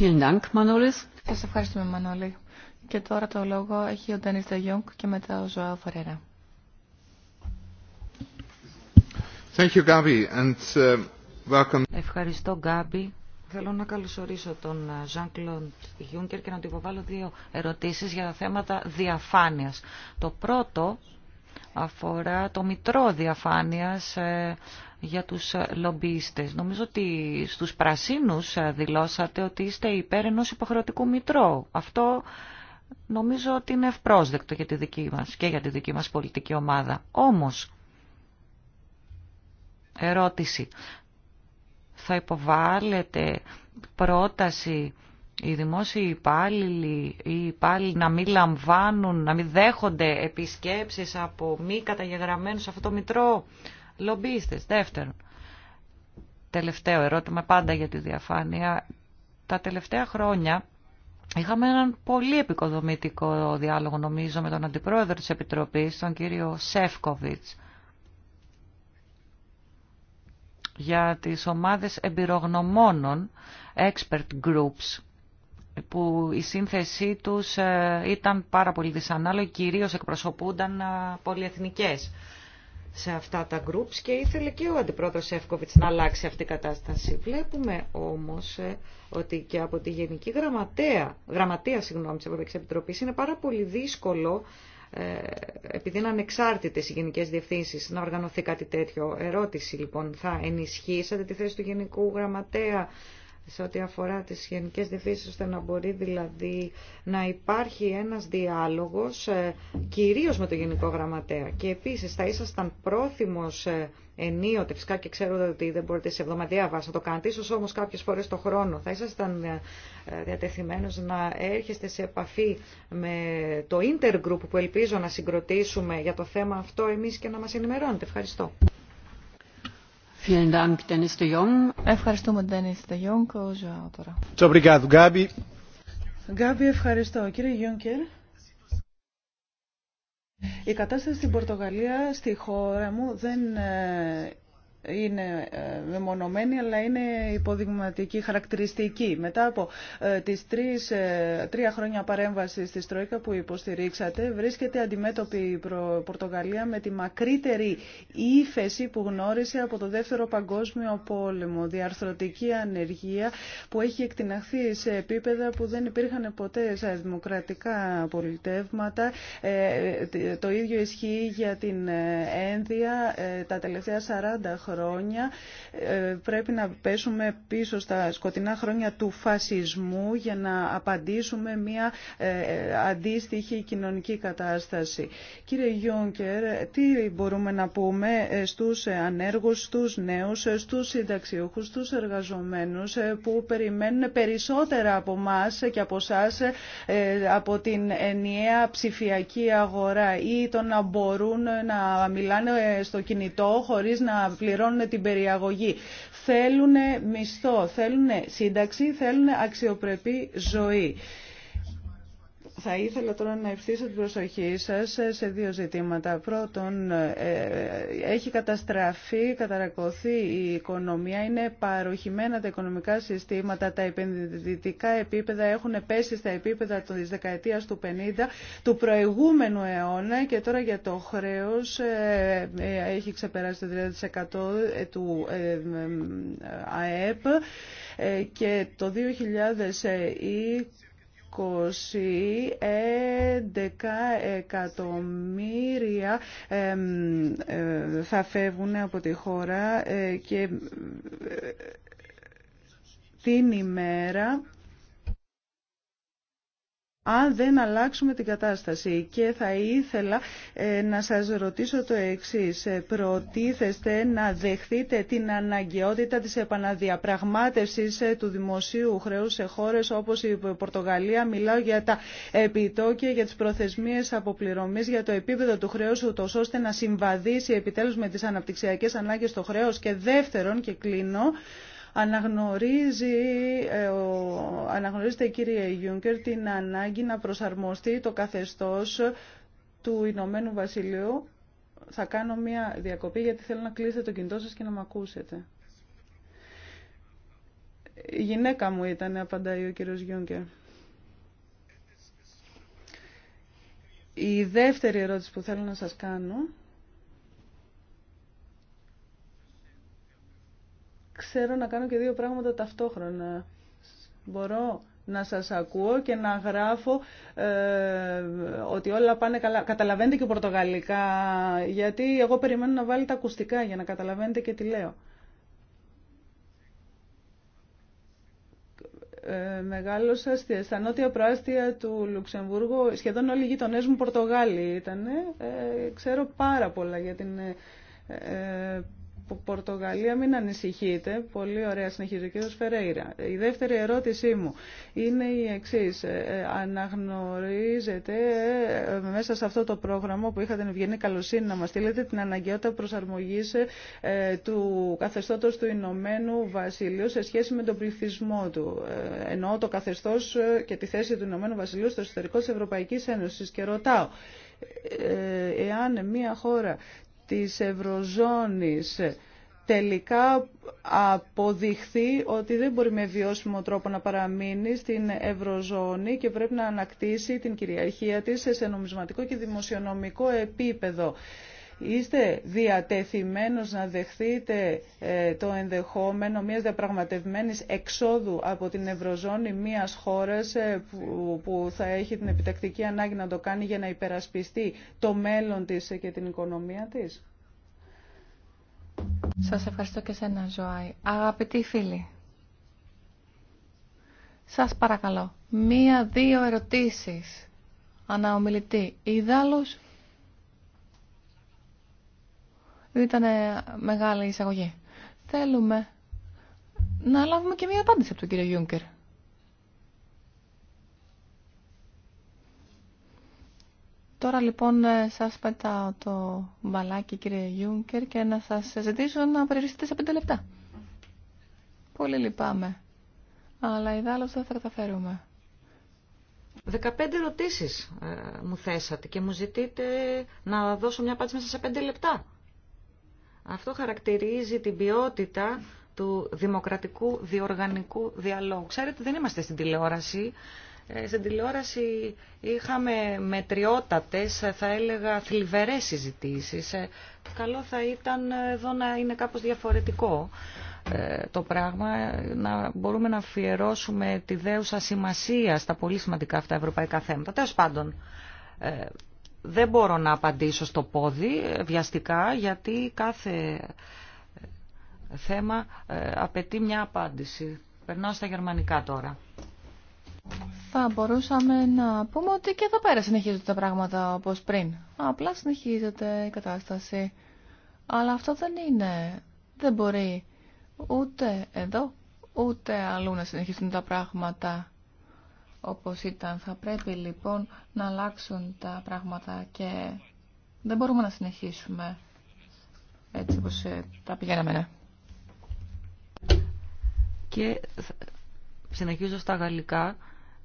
Vielen Dank, Manolis. Και τώρα το λόγο έχει ο Ντένις Ντεγιόγκ και μετά ο Ζωάο Φαρέρα. Uh, Ευχαριστώ Γκάμπη. Θέλω να καλωσορίσω τον Ζαν ε, Κλοντ και να του υποβάλω δύο ερωτήσεις για τα θέματα διαφάνειας. Το πρώτο αφορά το μητρό διαφάνειας ε, για τους ε, λομπίστες. Νομίζω ότι στους πρασίνους δηλώσατε ότι είστε υπέρ ενός υποχρεωτικού μητρώου. Αυτό νομίζω ότι είναι ευπρόσδεκτο για τη δική μας και για τη δική μας πολιτική ομάδα. Όμως, ερώτηση, θα υποβάλλετε πρόταση οι δημόσιοι υπάλληλοι ή υπάλληλοι να μην λαμβάνουν, να μην δέχονται επισκέψεις από μη καταγεγραμμένους σε αυτό το μητρό λομπίστες. Δεύτερον, τελευταίο ερώτημα πάντα για τη διαφάνεια. Τα τελευταία χρόνια Είχαμε έναν πολύ επικοδομητικό διάλογο νομίζω με τον Αντιπρόεδρο της Επιτροπής, τον κύριο Σεύκοβιτς, για τις ομάδες εμπειρογνωμόνων, expert groups, που η σύνθεσή τους ε, ήταν πάρα πολύ δυσανάλογη, κυρίως εκπροσωπούνταν ε, πολυεθνικές σε αυτά τα groups και ήθελε και ο αντιπρόεδρος Εύκοβιτς να αλλάξει αυτή η κατάσταση. Βλέπουμε όμως ε, ότι και από τη Γενική Γραμματεία, Γραμματεία συγγνώμη, της Ευρωπαϊκής Επιτροπής είναι πάρα πολύ δύσκολο ε, επειδή είναι ανεξάρτητες οι γενικές διευθύνσεις να οργανωθεί κάτι τέτοιο. Ερώτηση λοιπόν, θα ενισχύσατε τη θέση του Γενικού Γραμματέα σε ό,τι αφορά τις γενικές διευθύνσεις, ώστε να μπορεί δηλαδή να υπάρχει ένας διάλογος ε, κυρίως με το Γενικό Γραμματέα. Και επίσης θα ήσασταν πρόθυμος ε, ενίοτε, φυσικά και ξέρω ότι δεν μπορείτε σε εβδομαδιαία βάση να το κάνετε, ίσως όμως κάποιες φορές το χρόνο θα ήσασταν ε, διατεθειμένος να έρχεστε σε επαφή με το intergroup που ελπίζω να συγκροτήσουμε για το θέμα αυτό εμείς και να μας ενημερώνετε. Ευχαριστώ. Ευχαριστούμε, Ντένις Δε Γιόγκ. Ο Ζωάτορα. ευχαριστώ Γκάμπι. Γκάμπι, ευχαριστώ. Κύριε Γιόγκερ. Η κατάσταση στην Πορτογαλία, στη χώρα μου, δεν ε, είναι ε, μεμονωμένη αλλά είναι υποδειγματική, χαρακτηριστική. Μετά από ε, τις τρεις, ε, τρία χρόνια παρέμβαση στη Τρόικα που υποστηρίξατε βρίσκεται αντιμέτωπη η Πορτογαλία με τη μακρύτερη ύφεση που γνώρισε από το Δεύτερο Παγκόσμιο Πόλεμο. Διαρθρωτική ανεργία που έχει εκτιναχθεί σε επίπεδα που δεν υπήρχαν ποτέ σε δημοκρατικά πολιτεύματα. Το ίδιο ισχύει για την ένδια τα τελευταία 40 χρόνια χρόνια. Ε, πρέπει να πέσουμε πίσω στα σκοτεινά χρόνια του φασισμού για να απαντήσουμε μια ε, αντίστοιχη κοινωνική κατάσταση. Κύριε Γιόνκερ, τι μπορούμε να πούμε ε, στους ανέργους, στους νέους, στους συνταξιούχους, στους εργαζομένους που περιμένουν περισσότερα από μας και από εσά από την ενιαία ψηφιακή αγορά ή το να μπορούν να μιλάνε στο κινητό χωρίς να πληρώνουν πληρώνουν την περιαγωγή. Θέλουν μισθό, θέλουν σύνταξη, θέλουν αξιοπρεπή ζωή. Θα ήθελα τώρα να ευθύσω την προσοχή σας σε δύο ζητήματα. Πρώτον, ε, έχει καταστραφεί, καταρακωθεί η οικονομία, είναι παροχημένα τα οικονομικά συστήματα, τα επενδυτικά επίπεδα έχουν πέσει στα επίπεδα της δεκαετίας του 50, του προηγούμενου αιώνα και τώρα για το χρέος ε, ε, έχει ξεπεράσει το 30% του ΑΕΠ και το ή... 21 εκατομμύρια ε, θα φεύγουν από τη χώρα ε, και ε, την ημέρα αν δεν αλλάξουμε την κατάσταση. Και θα ήθελα ε, να σας ρωτήσω το εξής. Ε, προτίθεστε να δεχθείτε την αναγκαιότητα της επαναδιαπραγμάτευσης ε, του δημοσίου χρέους σε χώρες όπως η Πορτογαλία. Μιλάω για τα επιτόκια, για τις προθεσμίες αποπληρωμής, για το επίπεδο του χρέους, ούτως ώστε να συμβαδίσει επιτέλους με τις αναπτυξιακές ανάγκες το χρέος. Και δεύτερον, και κλείνω, Αναγνωρίζει, ε, αναγνωρίζεται κύριε Γιούγκερ την ανάγκη να προσαρμοστεί το καθεστώς του Ηνωμένου Βασιλείου. Θα κάνω μια διακοπή γιατί θέλω να κλείσετε το κινητό σας και να με ακούσετε. Η γυναίκα μου ήταν, απαντάει ο κύριος Γιούγκερ. Η δεύτερη ερώτηση που θέλω να σας κάνω ξέρω να κάνω και δύο πράγματα ταυτόχρονα. Μπορώ να σας ακούω και να γράφω ε, ότι όλα πάνε καλά. Καταλαβαίνετε και πορτογαλικά, γιατί εγώ περιμένω να βάλει τα ακουστικά για να καταλαβαίνετε και τι λέω. Ε, μεγάλωσα στα νότια προάστια του Λουξεμβούργου. Σχεδόν όλοι οι γειτονές μου Πορτογάλοι ήταν. Ε, ξέρω πάρα πολλά για την ε, ε, Πορτογαλία, μην ανησυχείτε. Πολύ ωραία, συνεχίζει ο κ. Φερέιρα. Η δεύτερη ερώτησή μου είναι η εξής. Ε, ε, αναγνωρίζετε ε, μέσα σε αυτό το πρόγραμμα που είχατε ευγενή καλοσύνη να μα στείλετε την αναγκαιότητα προσαρμογής του καθεστώτος του Ηνωμένου Βασιλείου σε σχέση με τον πληθυσμό του. Εννοώ το καθεστώ και τη θέση του Ηνωμένου Βασιλείου στο εσωτερικό τη Ευρωπαϊκή Ένωση. και ρωτάω εάν μια χώρα της Ευρωζώνης τελικά αποδειχθεί ότι δεν μπορεί με βιώσιμο τρόπο να παραμείνει στην Ευρωζώνη και πρέπει να ανακτήσει την κυριαρχία της σε νομισματικό και δημοσιονομικό επίπεδο. Είστε διατεθειμένος να δεχθείτε ε, το ενδεχόμενο μιας διαπραγματευμένης εξόδου από την Ευρωζώνη μιας χώρας ε, που θα έχει την επιτακτική ανάγκη να το κάνει για να υπερασπιστεί το μέλλον της και την οικονομία της. Σας ευχαριστώ και σένα, Ζωάη. Αγαπητοί φίλοι, σας παρακαλώ, μία-δύο ερωτήσεις αναομιλητή. ιδάλος. Ήταν μεγάλη εισαγωγή. Θέλουμε να λάβουμε και μία απάντηση από τον κύριο Γιούγκερ. Τώρα λοιπόν ε, σας πετάω το μπαλάκι κύριε Γιούγκερ και να σας ζητήσω να περιοριστείτε σε πέντε λεπτά. Πολύ λυπάμαι. Αλλά η δεν θα καταφέρουμε. 15 ερωτήσεις ε, μου θέσατε και μου ζητείτε να δώσω μια απάντηση μέσα σε 5 λεπτά. Αυτό χαρακτηρίζει την ποιότητα του δημοκρατικού διοργανικού διαλόγου. Ξέρετε, δεν είμαστε στην τηλεόραση. Ε, στην τηλεόραση είχαμε μετριότατες, θα έλεγα, θλιβερές συζητήσεις. Ε, καλό θα ήταν εδώ να είναι κάπως διαφορετικό ε, το πράγμα, να μπορούμε να αφιερώσουμε τη δέουσα σημασία στα πολύ σημαντικά αυτά ευρωπαϊκά θέματα. Τέλος πάντων, δεν μπορώ να απαντήσω στο πόδι ε, βιαστικά γιατί κάθε ε, θέμα ε, απαιτεί μια απάντηση. Περνάω στα γερμανικά τώρα. Θα μπορούσαμε να πούμε ότι και εδώ πέρα συνεχίζονται τα πράγματα όπως πριν. Απλά συνεχίζεται η κατάσταση. Αλλά αυτό δεν είναι. Δεν μπορεί ούτε εδώ ούτε αλλού να συνεχίσουν τα πράγματα όπως ήταν. Θα πρέπει λοιπόν να αλλάξουν τα πράγματα και δεν μπορούμε να συνεχίσουμε έτσι όπως ε, τα πηγαίναμε. Ναι. Και συνεχίζω στα γαλλικά.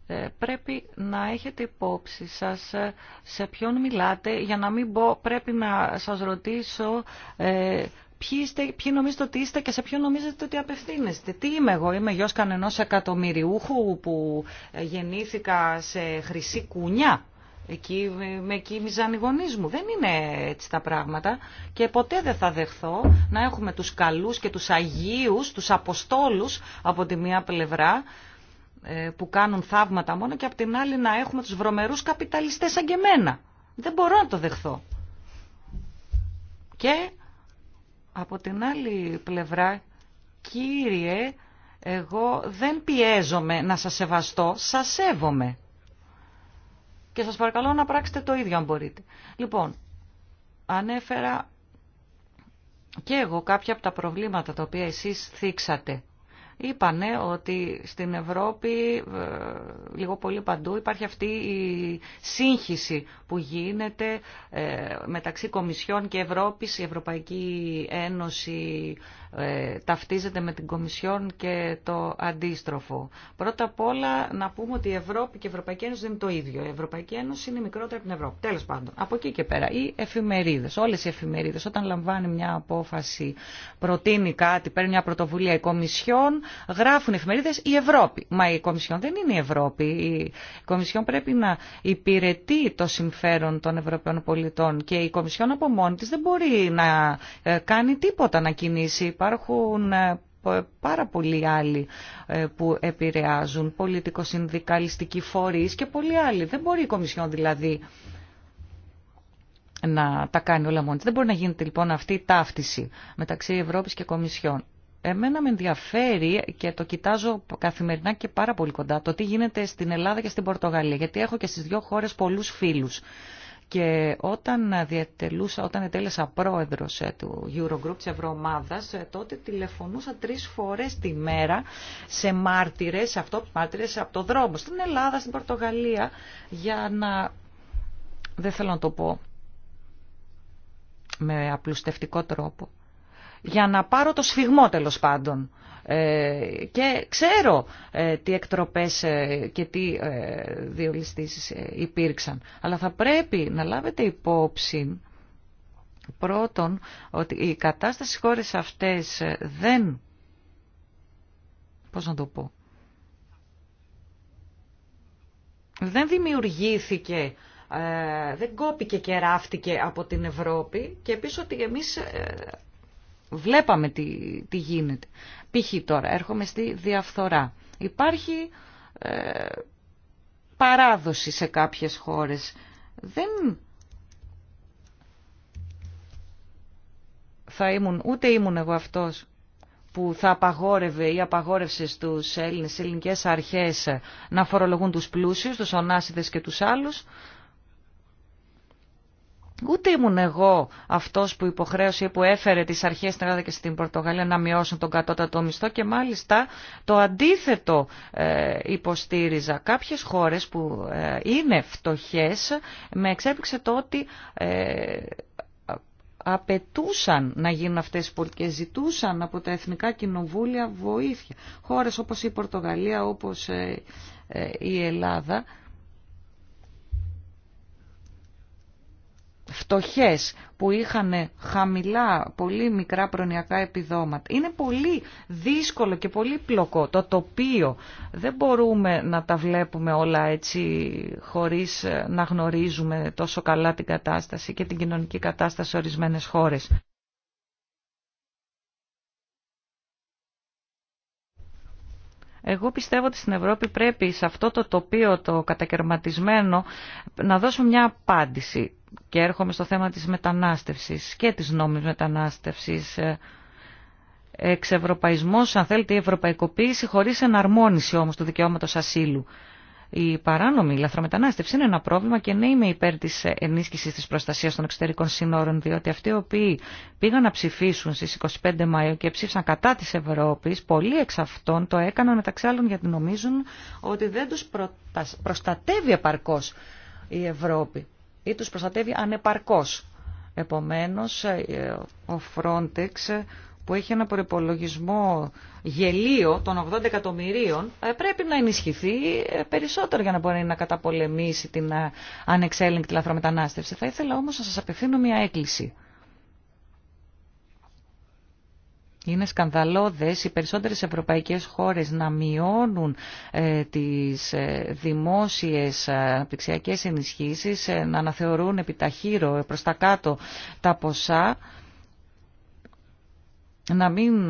Ε, πρέπει να έχετε υπόψη σας ε, σε ποιον μιλάτε για να μην πω πρέπει να σας ρωτήσω ποιοι, είστε, νομίζετε ότι είστε και σε ποιον νομίζετε ότι απευθύνεστε. Τι είμαι εγώ, είμαι γιος κανενός εκατομμυριούχου που ε, γεννήθηκα σε χρυσή κουνιά. Εκεί με κοίμιζαν οι γονεί μου. Δεν είναι έτσι τα πράγματα και ποτέ δεν θα δεχθώ να έχουμε τους καλούς και τους αγίους, τους αποστόλους από τη μία πλευρά ε, που κάνουν θαύματα μόνο και από την άλλη να έχουμε τους βρωμερούς καπιταλιστές σαν και εμένα. Δεν μπορώ να το δεχθώ. Και από την άλλη πλευρά, κύριε, εγώ δεν πιέζομαι να σας σεβαστώ, σας σέβομαι. Και σας παρακαλώ να πράξετε το ίδιο αν μπορείτε. Λοιπόν, ανέφερα και εγώ κάποια από τα προβλήματα τα οποία εσείς θίξατε είπανε ότι στην Ευρώπη ε, λίγο πολύ παντού υπάρχει αυτή η σύγχυση που γίνεται ε, μεταξύ Κομισιόν και Ευρώπης, η Ευρωπαϊκή Ένωση ε, ταυτίζεται με την Κομισιόν και το αντίστροφο. Πρώτα απ' όλα να πούμε ότι η Ευρώπη και η Ευρωπαϊκή Ένωση δεν είναι το ίδιο. Η Ευρωπαϊκή Ένωση είναι μικρότερη από την Ευρώπη. Τέλο πάντων, από εκεί και πέρα. Οι εφημερίδε, όλε οι εφημερίδε, όταν λαμβάνει μια απόφαση, προτείνει κάτι, παίρνει μια πρωτοβουλία η Κομισιόν, γράφουν εφημερίδε η Ευρώπη. Μα η Κομισιόν δεν είναι η Ευρώπη. Η Κομισιόν πρέπει να υπηρετεί το συμφέρον των Ευρωπαίων πολιτών και η Κομισιόν από μόνη δεν μπορεί να ε, κάνει τίποτα να κινήσει Υπάρχουν ε, πάρα πολλοί άλλοι ε, που επηρεάζουν, πολιτικο-συνδικαλιστικοί φορείς και πολλοί άλλοι. Δεν μπορεί η Κομισιόν δηλαδή να τα κάνει όλα μόνη. Δεν μπορεί να γίνεται λοιπόν αυτή η ταύτιση μεταξύ Ευρώπης και Κομισιόν. Εμένα με ενδιαφέρει και το κοιτάζω καθημερινά και πάρα πολύ κοντά το τι γίνεται στην Ελλάδα και στην Πορτογαλία, γιατί έχω και στις δύο χώρες πολλούς φίλους. Και όταν διατελούσα, όταν ετέλεσα πρόεδρος ε, του Eurogroup της Ευρωομάδας, ε, τότε τηλεφωνούσα τρεις φορές τη μέρα σε μάρτυρες, σε αυτό, μάρτυρες από το δρόμο, στην Ελλάδα, στην Πορτογαλία, για να... Δεν θέλω να το πω με απλουστευτικό τρόπο. Για να πάρω το σφιγμό τέλος πάντων ε, και ξέρω ε, τι εκτροπές ε, και τι διολυστήσεις υπήρξαν. Αλλά θα πρέπει να λάβετε υπόψη πρώτον ότι η κατάσταση στις χώρες αυτές δεν... Πώς να το πω... Δεν δημιουργήθηκε δεν κόπηκε και ράφτηκε από την Ευρώπη και επίσης ότι εμείς βλέπαμε τι γίνεται. Π.χ. έρχομαι στη διαφθορά. Υπάρχει ε, παράδοση σε κάποιες χώρες. Δεν θα ούτε ήμουν εγώ αυτός που θα απαγόρευε ή απαγόρευσε στους Έλληνες, ελληνικές αρχές να φορολογούν τους πλούσιους, τους ονάσιδες και τους άλλους. Ούτε ήμουν εγώ αυτό που υποχρέωσε ή που έφερε τι αρχέ στην Ελλάδα και στην Πορτογαλία να μειώσουν τον κατώτατο μισθό και μάλιστα το αντίθετο ε, υποστήριζα. Κάποιε χώρε που ε, είναι φτωχέ με εξέπληξε το ότι ε, απαιτούσαν να γίνουν αυτές οι πολιτικές, ζητούσαν από τα εθνικά κοινοβούλια βοήθεια. Χώρες όπως η Πορτογαλία, όπως η Ελλάδα φτωχές που είχαν χαμηλά, πολύ μικρά προνοιακά επιδόματα. Είναι πολύ δύσκολο και πολύ πλοκό το τοπίο. Δεν μπορούμε να τα βλέπουμε όλα έτσι χωρίς να γνωρίζουμε τόσο καλά την κατάσταση και την κοινωνική κατάσταση σε ορισμένες χώρες. Εγώ πιστεύω ότι στην Ευρώπη πρέπει σε αυτό το τοπίο το κατακαιρματισμένο να δώσουμε μια απάντηση. Και έρχομαι στο θέμα της μετανάστευσης και της νόμιμης μετανάστευσης. Ε, εξευρωπαϊσμός, αν θέλετε, η ευρωπαϊκοποίηση χωρίς εναρμόνιση όμως του δικαιώματος ασύλου. Η παράνομη λαθρομετανάστευση είναι ένα πρόβλημα και ναι είμαι υπέρ της ενίσχυσης τη προστασία των εξωτερικών συνόρων, διότι αυτοί οι οποίοι πήγαν να ψηφίσουν στις 25 Μαΐου και ψήφισαν κατά της Ευρώπης, πολλοί εξ αυτών το έκαναν μεταξύ άλλων γιατί νομίζουν ότι δεν του προστατεύει επαρκώς η Ευρώπη ή τους προστατεύει ανεπαρκώς. Επομένως, ε, ο Frontex ε, που έχει ένα προπολογισμό γελίο των 80 εκατομμυρίων ε, πρέπει να ενισχυθεί περισσότερο για να μπορεί να καταπολεμήσει την ανεξέλεγκτη λαθρομετανάστευση. Θα ήθελα όμως να σας απευθύνω μια έκκληση. Είναι σκανδαλώδες οι περισσότερες ευρωπαϊκές χώρες να μειώνουν ε, τις ε, δημόσιες ε, αναπτυξιακές ενισχύσεις, να αναθεωρούν επιταχύρω προς τα κάτω τα ποσά, να μην...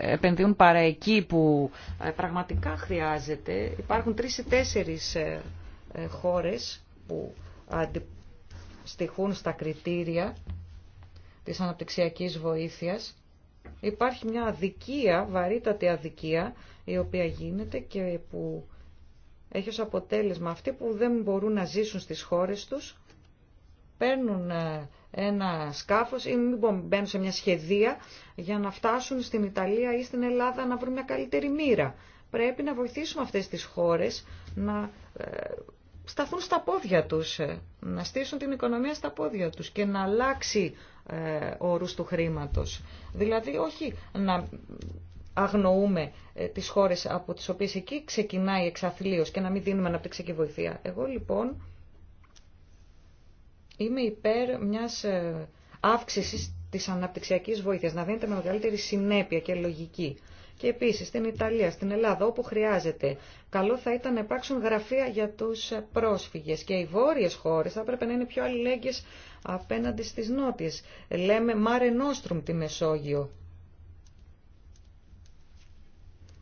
επενδύουν παρά εκεί που πραγματικά χρειάζεται. Υπάρχουν τρεις ή τέσσερις χώρες που αντιστοιχούν στα κριτήρια της αναπτυξιακής βοήθειας. Υπάρχει μια αδικία, βαρύτατη αδικία, η οποία γίνεται και που έχει ως αποτέλεσμα αυτοί που δεν μπορούν να ζήσουν στις χώρες τους, παίρνουν ε, ένα σκάφος ή μην μπαίνουν σε μια σχεδία για να φτάσουν στην Ιταλία ή στην Ελλάδα να βρουν μια καλύτερη μοίρα. Πρέπει να βοηθήσουμε αυτές τις χώρες να ε, σταθούν στα πόδια τους, ε, να στήσουν την οικονομία στα πόδια τους και να αλλάξει ε, όρους του χρήματος. Δηλαδή όχι να αγνοούμε ε, τις χώρες από τις οποίες εκεί ξεκινάει εξαθλίως και να μην δίνουμε αναπτυξιακή βοηθεία. Εγώ λοιπόν είμαι υπέρ μιας ε, αύξησης της αναπτυξιακής βοήθειας, να δίνεται με μεγαλύτερη συνέπεια και λογική και επίσης στην Ιταλία, στην Ελλάδα, όπου χρειάζεται. Καλό θα ήταν να υπάρξουν γραφεία για τους πρόσφυγες και οι βόρειες χώρες θα έπρεπε να είναι πιο αλληλέγγυες απέναντι στις νότιες. Λέμε Mare Nostrum τη Μεσόγειο.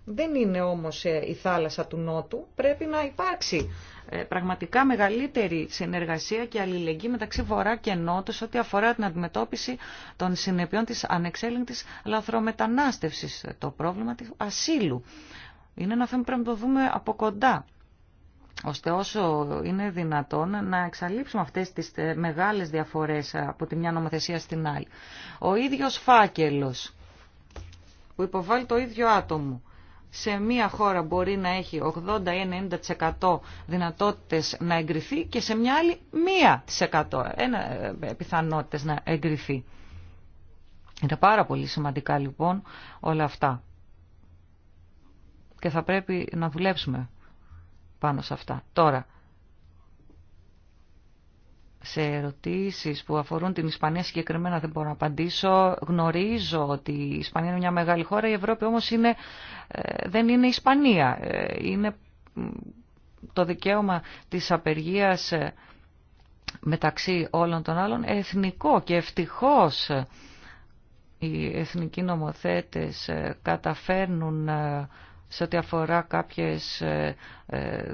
Δεν είναι όμως ε, η θάλασσα του Νότου. Πρέπει να υπάρξει ε, πραγματικά μεγαλύτερη συνεργασία και αλληλεγγύη μεταξύ Βορρά και Νότου ό,τι αφορά την αντιμετώπιση των συνεπειών της ανεξέλεγκτης λαθρομετανάστευσης. Το πρόβλημα του ασύλου. Είναι ένα θέμα που πρέπει να το δούμε από κοντά ώστε όσο είναι δυνατόν να εξαλείψουμε αυτές τις ε, μεγάλες διαφορές από τη μια νομοθεσία στην άλλη. Ο ίδιος φάκελος που υποβάλλει το ίδιο άτομο σε μία χώρα μπορεί να έχει 80 ή 90% δυνατότητες να εγκριθεί και σε μια άλλη 1% ε, πιθανότητες να εγκριθεί. Είναι πάρα πολύ σημαντικά λοιπόν όλα αυτά. Και θα πρέπει να δουλέψουμε πάνω σε αυτά. Τώρα, σε ερωτήσεις που αφορούν την Ισπανία συγκεκριμένα δεν μπορώ να απαντήσω. Γνωρίζω ότι η Ισπανία είναι μια μεγάλη χώρα, η Ευρώπη όμως είναι, ε, δεν είναι Ισπανία. Ε, είναι το δικαίωμα της απεργίας ε, μεταξύ όλων των άλλων εθνικό και ευτυχώς οι εθνικοί νομοθέτες καταφέρνουν σε ό,τι αφορά κάποιες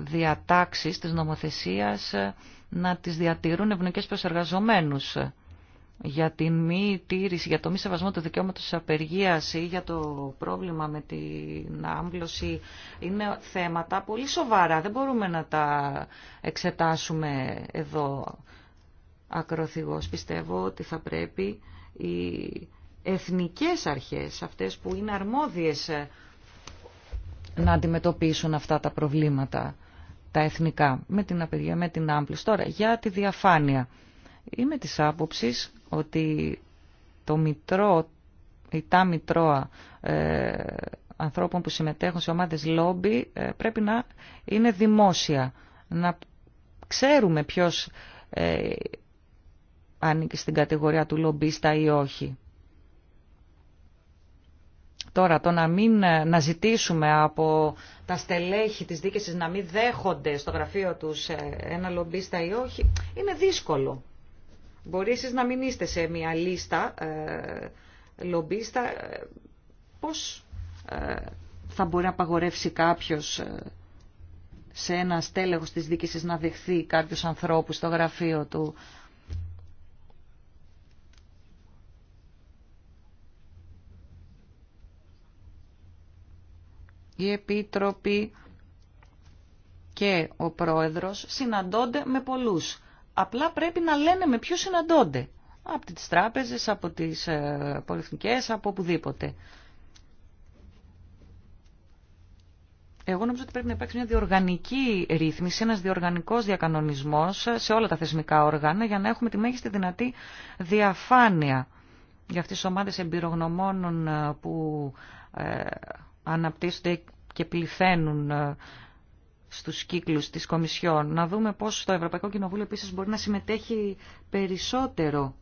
διατάξεις της νομοθεσίας να τις διατηρούν ευνοϊκές προς για την μη τήρηση, για το μη σεβασμό του δικαιώματος της απεργίας ή για το πρόβλημα με την άμβλωση είναι θέματα πολύ σοβαρά. Δεν μπορούμε να τα εξετάσουμε εδώ ακροθυγώς. Πιστεύω ότι θα πρέπει οι εθνικές αρχές, αυτές που είναι αρμόδιες να αντιμετωπίσουν αυτά τα προβλήματα τα εθνικά, με την απεργία, με την άμπλης. Τώρα, για τη διαφάνεια. Είμαι της άποψης ότι το μητρό, η τα μητρώα ε, ανθρώπων που συμμετέχουν σε ομάδες λόμπι ε, πρέπει να είναι δημόσια. Να ξέρουμε ποιος ε, ανήκει στην κατηγορία του λομπίστα ή όχι. Τώρα το να μην ε, να ζητήσουμε από τα στελέχη της δίκησης να μην δέχονται στο γραφείο τους ε, ένα λομπίστα ή όχι, είναι δύσκολο. Μπορεί εσείς να μην είστε σε μια λίστα ε, λομπίστα, ε, πώς θα μπορεί να απαγορεύσει κάποιος σε ένα στέλεχος της δίκησης να δεχθεί κάποιους ανθρώπους στο γραφείο του. Η Επίτροπη και ο πρόεδρος συναντώνται με πολλούς. Απλά πρέπει να λένε με ποιους συναντώνται. Από τις τράπεζες, από τις ε, πολυεθνικές, από οπουδήποτε. Εγώ νομίζω ότι πρέπει να υπάρξει μια διοργανική ρύθμιση, ένας διοργανικός διακανονισμός σε όλα τα θεσμικά όργανα για να έχουμε τη μέγιστη δυνατή διαφάνεια για αυτές τις ομάδες εμπειρογνωμόνων ε, που ε, αναπτύσσονται και πληθαίνουν ε, στους κύκλους της Κομισιόν. Να δούμε πώς το Ευρωπαϊκό Κοινοβούλιο επίσης μπορεί να συμμετέχει περισσότερο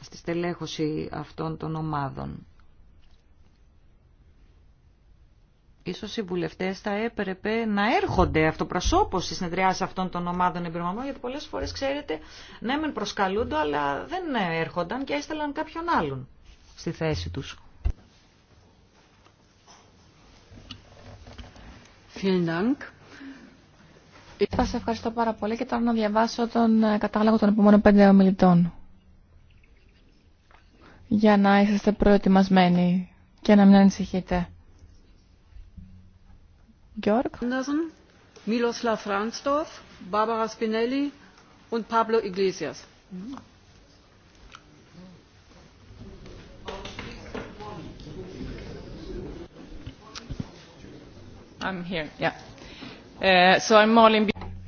στη στελέχωση αυτών των ομάδων. Ίσως οι βουλευτές θα έπρεπε να έρχονται αυτοπροσώπως στις συνεδριάσεις αυτών των ομάδων εμπειρογνωμών, γιατί πολλές φορές, ξέρετε, ναι μεν προσκαλούνται, αλλά δεν έρχονταν και έστελαν κάποιον άλλον στη θέση τους. σε ευχαριστώ πάρα πολύ και τώρα να διαβάσω τον ε, κατάλογο των επόμενων πέντε ομιλητών. Για να είσαστε προετοιμασμένοι και να μην ανησυχείτε. Γιώργ. Miloslav Ransdorf, Barbara Spinelli und Pablo Iglesias. Uh,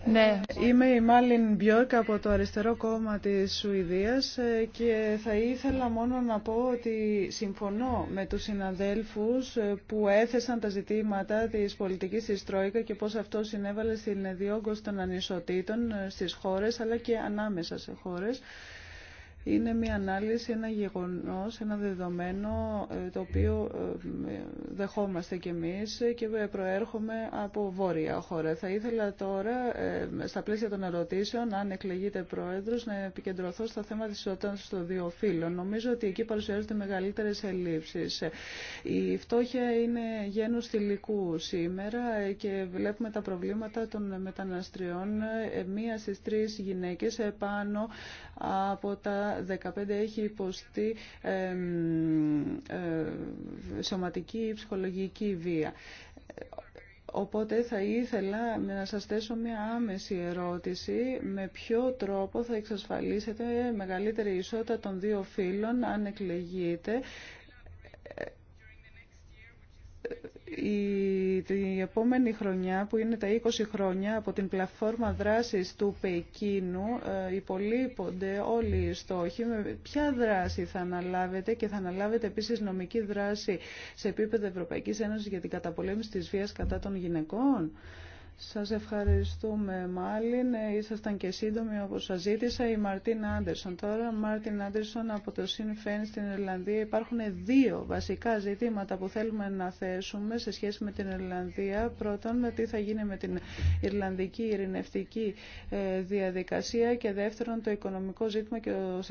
ναι, είμαι η Μάλιν Μπιόρκ από το αριστερό κόμμα της Σουηδίας ε, και θα ήθελα μόνο να πω ότι συμφωνώ με τους συναδέλφους ε, που έθεσαν τα ζητήματα της πολιτικής της Τρόικα και πώς αυτό συνέβαλε στην διόγκωση των ανισοτήτων ε, στις χώρες αλλά και ανάμεσα σε χώρες είναι μια ανάλυση, ένα γεγονός, ένα δεδομένο ε, το οποίο ε, ε, δεχόμαστε κι εμείς και προέρχομαι από βόρεια χώρα. Θα ήθελα τώρα, στα πλαίσια των ερωτήσεων, αν εκλεγείτε πρόεδρος, να επικεντρωθώ στο θέμα της ισότητας των δύο φύλων. Νομίζω ότι εκεί παρουσιάζονται μεγαλύτερες ελλείψεις. Η φτώχεια είναι γένους θηλυκού σήμερα και βλέπουμε τα προβλήματα των μεταναστριών. Μία στις τρεις γυναίκες πάνω από τα 15 έχει υποστεί ε, σωματική ή ψυχολογική βία. Οπότε θα ήθελα να σας θέσω μια άμεση ερώτηση με ποιο τρόπο θα εξασφαλίσετε μεγαλύτερη ισότητα των δύο φύλων αν εκλεγείτε η, επόμενη χρονιά που είναι τα 20 χρόνια από την πλατφόρμα δράσης του Πεκίνου ε, υπολείπονται όλοι οι στόχοι με ποια δράση θα αναλάβετε και θα αναλάβετε επίσης νομική δράση σε επίπεδο Ευρωπαϊκής Ένωσης για την καταπολέμηση της βίας κατά των γυναικών. Σας ευχαριστούμε Μάλιν. Ε, ήσασταν και σύντομοι όπως σας ζήτησα. Η Μαρτίν Άντερσον τώρα. Μάρτιν Άντερσον από το Sinn στην Ιρλανδία. Υπάρχουν δύο βασικά ζητήματα που θέλουμε να θέσουμε σε σχέση με την Ιρλανδία. Πρώτον, τι θα γίνει με την Ιρλανδική ειρηνευτική ε, διαδικασία και δεύτερον, το οικονομικό ζήτημα και ο,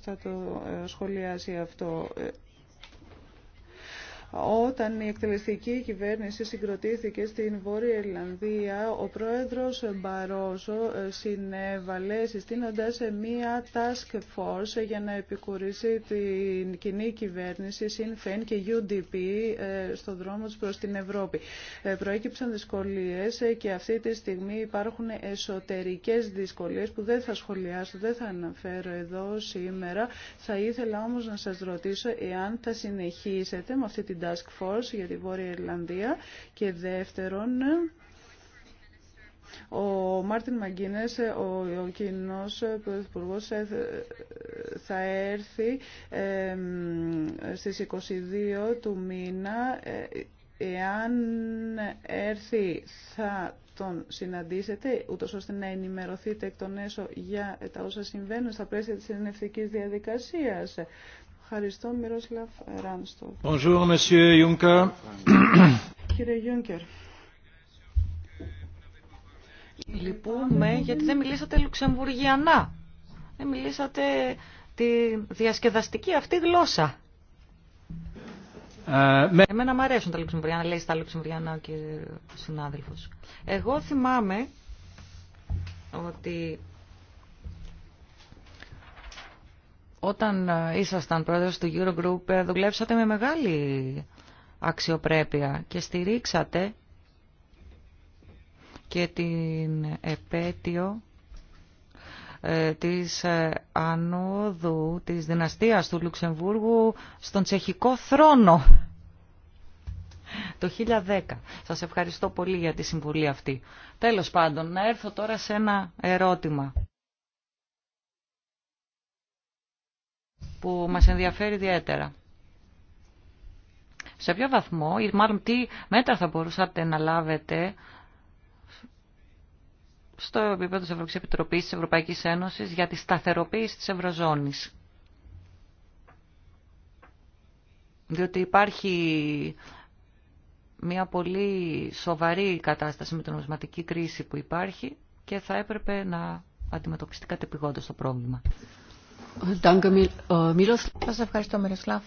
θα το ε, σχολιάσει αυτό. Όταν η εκτελεστική κυβέρνηση συγκροτήθηκε στην Βόρεια Ιρλανδία, ο πρόεδρος Μπαρόζο ε, συνέβαλε συστήνοντας ε, μία task force για να επικουρήσει την κοινή κυβέρνηση ΣΥΝΦΕΝ και UDP ε, στο δρόμο τους προς την Ευρώπη. Προέκυψαν δυσκολίες και αυτή τη στιγμή υπάρχουν εσωτερικές δυσκολίες που δεν θα σχολιάσω, δεν θα αναφέρω εδώ σήμερα. Θα ήθελα όμως να σας ρωτήσω εάν θα συνεχίσετε με αυτή την Task Force για τη Βόρεια Ιρλανδία και δεύτερον ο Μάρτιν Μαγκίνες, ο, ο κοινός πρωθυπουργός, ε, θα έρθει ε, στις 22 του μήνα. Ε, εάν έρθει θα τον συναντήσετε, ούτω ώστε να ενημερωθείτε εκ των έσω για τα όσα συμβαίνουν στα πλαίσια της ενευτικής διαδικασίας. Ευχαριστώ, Μιρόσλαφ Ράνστολ. Bonjour, Monsieur Juncker. Κύριε Juncker. Λυπούμε γιατί δεν μιλήσατε λουξεμβουργιανά. Δεν μιλήσατε τη διασκεδαστική αυτή γλώσσα. Ε, Εμένα μου αρέσουν τα λουξεμβουργιανά, λέει στα λουξεμβουργιανά και ο συνάδελφος. Εγώ θυμάμαι ότι Όταν ε, ήσασταν πρόεδρος του Eurogroup, ε, δουλέψατε με μεγάλη αξιοπρέπεια και στηρίξατε και την επέτειο ε, της ανόδου της δυναστείας του Λουξεμβούργου στον τσεχικό θρόνο το 2010. Σας ευχαριστώ πολύ για τη συμβουλή αυτή. Τέλος πάντων, να έρθω τώρα σε ένα ερώτημα. που μας ενδιαφέρει ιδιαίτερα. Σε ποιο βαθμό ή μάλλον τι μέτρα θα μπορούσατε να λάβετε στο επίπεδο της Ευρωπαϊκής Επιτροπής της Ευρωπαϊκής Ένωσης για τη σταθεροποίηση της Ευρωζώνης. Διότι υπάρχει μια πολύ σοβαρή κατάσταση με την νομισματική κρίση που υπάρχει και θα έπρεπε να αντιμετωπιστεί κατεπηγόντως το πρόβλημα. Äh, Σας ευχαριστώ Μυροσλάφ.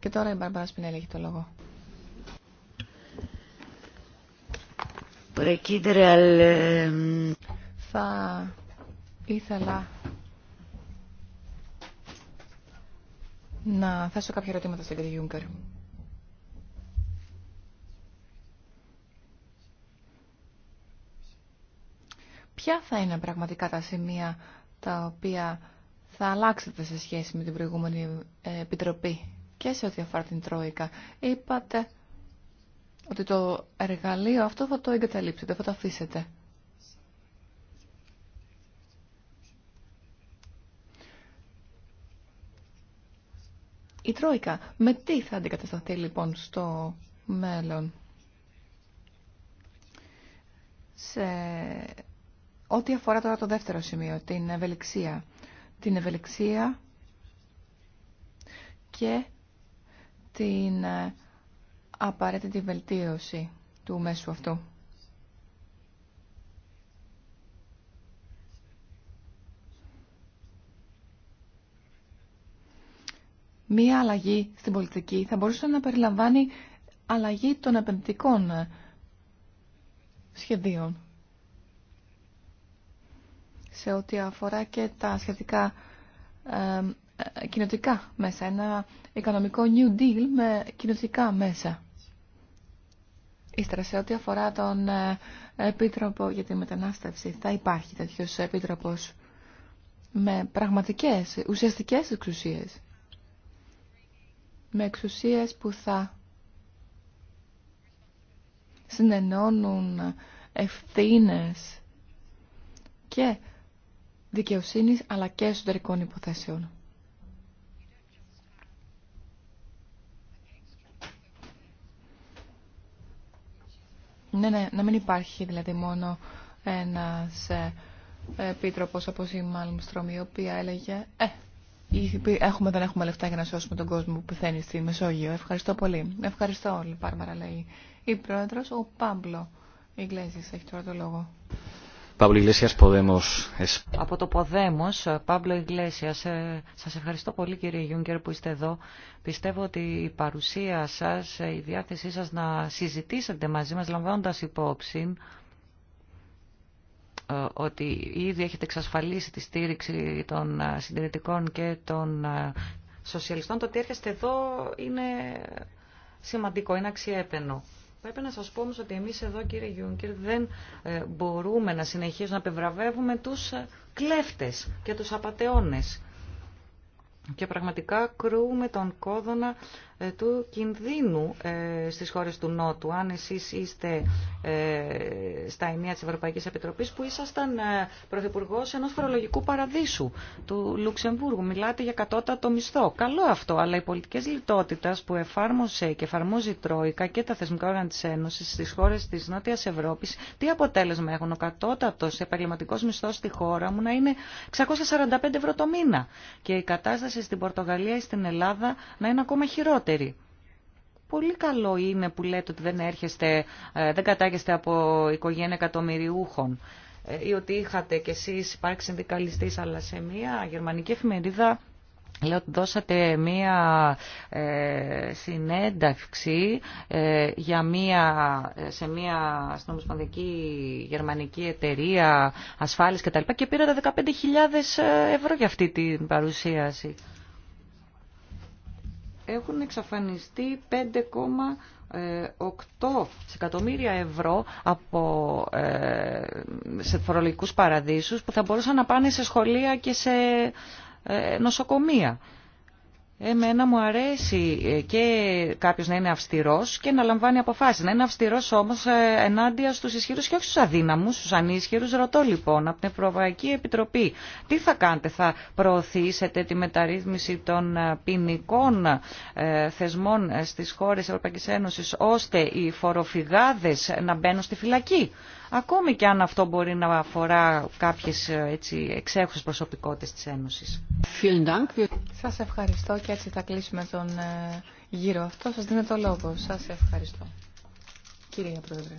Και τώρα η Μπαρμπάρα Σπινέλη έχει το λόγο. Θα ήθελα να θέσω κάποια ερωτήματα στον κύριο Γιούγκερ. Ποια θα είναι πραγματικά τα σημεία τα οποία θα αλλάξετε σε σχέση με την προηγούμενη ε, επιτροπή και σε ό,τι αφορά την Τρόικα. Είπατε ότι το εργαλείο αυτό θα το εγκαταλείψετε, θα το αφήσετε. Η Τρόικα με τι θα αντικατασταθεί λοιπόν στο μέλλον. Σε ό,τι αφορά τώρα το δεύτερο σημείο, την ευελιξία την ευελιξία και την ε, απαραίτητη βελτίωση του μέσου αυτού. Μία αλλαγή στην πολιτική θα μπορούσε να περιλαμβάνει αλλαγή των επενδυτικών ε, σχεδίων σε ό,τι αφορά και τα σχετικά ε, μέσα. Ένα οικονομικό New Deal με κοινωτικά μέσα. Ύστερα, σε ό,τι αφορά τον ε, Επίτροπο για τη Μετανάστευση, θα υπάρχει τέτοιος Επίτροπος με πραγματικές, ουσιαστικές εξουσίες. Με εξουσίες που θα συνενώνουν ευθύνες και δικαιοσύνης αλλά και εσωτερικών υποθέσεων. Ναι, ναι, να μην υπάρχει δηλαδή μόνο ένας ε, επίτροπος όπως η Μάλμστρομ η οποία έλεγε «Ε, έχουμε, δεν έχουμε λεφτά για να σώσουμε τον κόσμο που πεθαίνει στη Μεσόγειο. Ευχαριστώ πολύ». Ευχαριστώ όλοι, Πάρμαρα λέει η πρόεδρος, ο Πάμπλο Ιγκλέζης έχει τώρα το λόγο. Από το Ποδέμος, Παύλο ε, σας ευχαριστώ πολύ κύριε Γιούγκερ που είστε εδώ. Πιστεύω ότι η παρουσία σας, ε, η διάθεσή σας να συζητήσετε μαζί μας λαμβάνοντας υπόψη ε, ότι ήδη έχετε εξασφαλίσει τη στήριξη των ε, συντηρητικών και των σοσιαλιστών, το ότι έρχεστε εδώ είναι σημαντικό, είναι αξιέπαινο. Πρέπει να σας πω όμως ότι εμείς εδώ κύριε Γιούνκερ δεν ε, μπορούμε να συνεχίσουμε να επιβραβεύουμε τους ε, κλέφτες και τους απατεώνες. Και πραγματικά κρούμε τον κόδωνα ε, του κινδύνου ε, στις χώρες του Νότου. Αν εσείς είστε ε, στα ενία της Ευρωπαϊκής Επιτροπής που ήσασταν πρωθυπουργός ενός φορολογικού παραδείσου του Λουξεμβούργου. Μιλάτε για κατώτατο μισθό. Καλό αυτό, αλλά οι πολιτικές λιτότητας που εφάρμοσε και εφαρμόζει η Τρόικα και τα θεσμικά όργανα της Ένωσης στις χώρες της Νότιας Ευρώπης, τι αποτέλεσμα έχουν ο κατώτατος επαγγελματικός μισθός στη χώρα μου να είναι 645 ευρώ το μήνα και η κατάσταση στην Πορτογαλία ή στην Ελλάδα να είναι ακόμα χειρότερη. Πολύ καλό είναι που λέτε ότι δεν, έρχεστε, ε, δεν κατάγεστε από οικογένεια εκατομμυριούχων ε, ή ότι είχατε κι εσείς υπάρξει συνδικαλιστής, αλλά σε μια γερμανική εφημερίδα Λέω ότι δώσατε μία ε, συνένταξη ε, για μία, σε μία συνομοσπονδική γερμανική εταιρεία ασφάλειας κτλ. Και, και πήρατε 15.000 ευρώ για αυτή την παρουσίαση έχουν εξαφανιστεί 5,8 εκατομμύρια ευρώ από, ε, σε φορολογικούς παραδείσους που θα μπορούσαν να πάνε σε σχολεία και σε ε, νοσοκομεία. Εμένα μου αρέσει ε, και κάποιο να είναι αυστηρός και να λαμβάνει αποφάσεις. Να είναι αυστηρός όμως ε, ενάντια στους ισχυρού και όχι στους αδύναμους, στους ανίσχυρους. Ρωτώ λοιπόν από την Ευρωπαϊκή Επιτροπή τι θα κάνετε, θα προωθήσετε τη μεταρρύθμιση των ε, ποινικών θεσμών στις χώρες της ώστε οι φοροφυγάδε να μπαίνουν στη φυλακή ακόμη και αν αυτό μπορεί να αφορά κάποιες ε, έτσι, εξέχουσες προσωπικότητες της Ένωσης. Σας ευχαριστώ και έτσι θα κλείσουμε τον ε, γύρο αυτό. Σας δίνω το λόγο. Σας ευχαριστώ. Κύριε Πρόεδρε.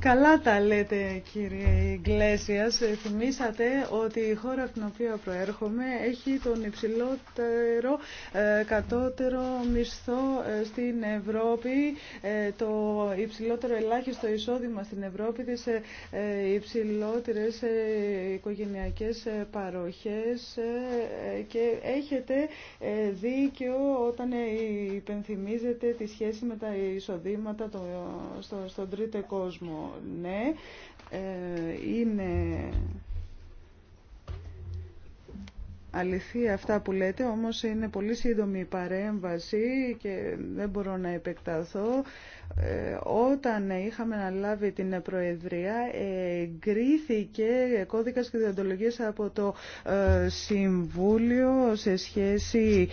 Καλά τα λέτε κύριε Ιγκλέσιας. Θυμήσατε ότι η χώρα από την οποία προέρχομαι έχει τον υψηλότερο ε, κατώτερο μισθό ε, στην Ευρώπη, ε, το υψηλότερο ελάχιστο εισόδημα στην Ευρώπη, τις υψηλότερες οικογενειακές παροχές και έχετε δίκιο όταν υπενθυμίζετε τη σχέση με τα εισοδήματα στον τρίτο κόσμο. Ναι, ε, είναι αληθή αυτά που λέτε, όμως είναι πολύ σύντομη η παρέμβαση και δεν μπορώ να επεκταθώ. Ε, όταν είχαμε λάβει την Προεδρία, εγκρίθηκε κώδικας και διοντολογίες από το ε, Συμβούλιο σε σχέση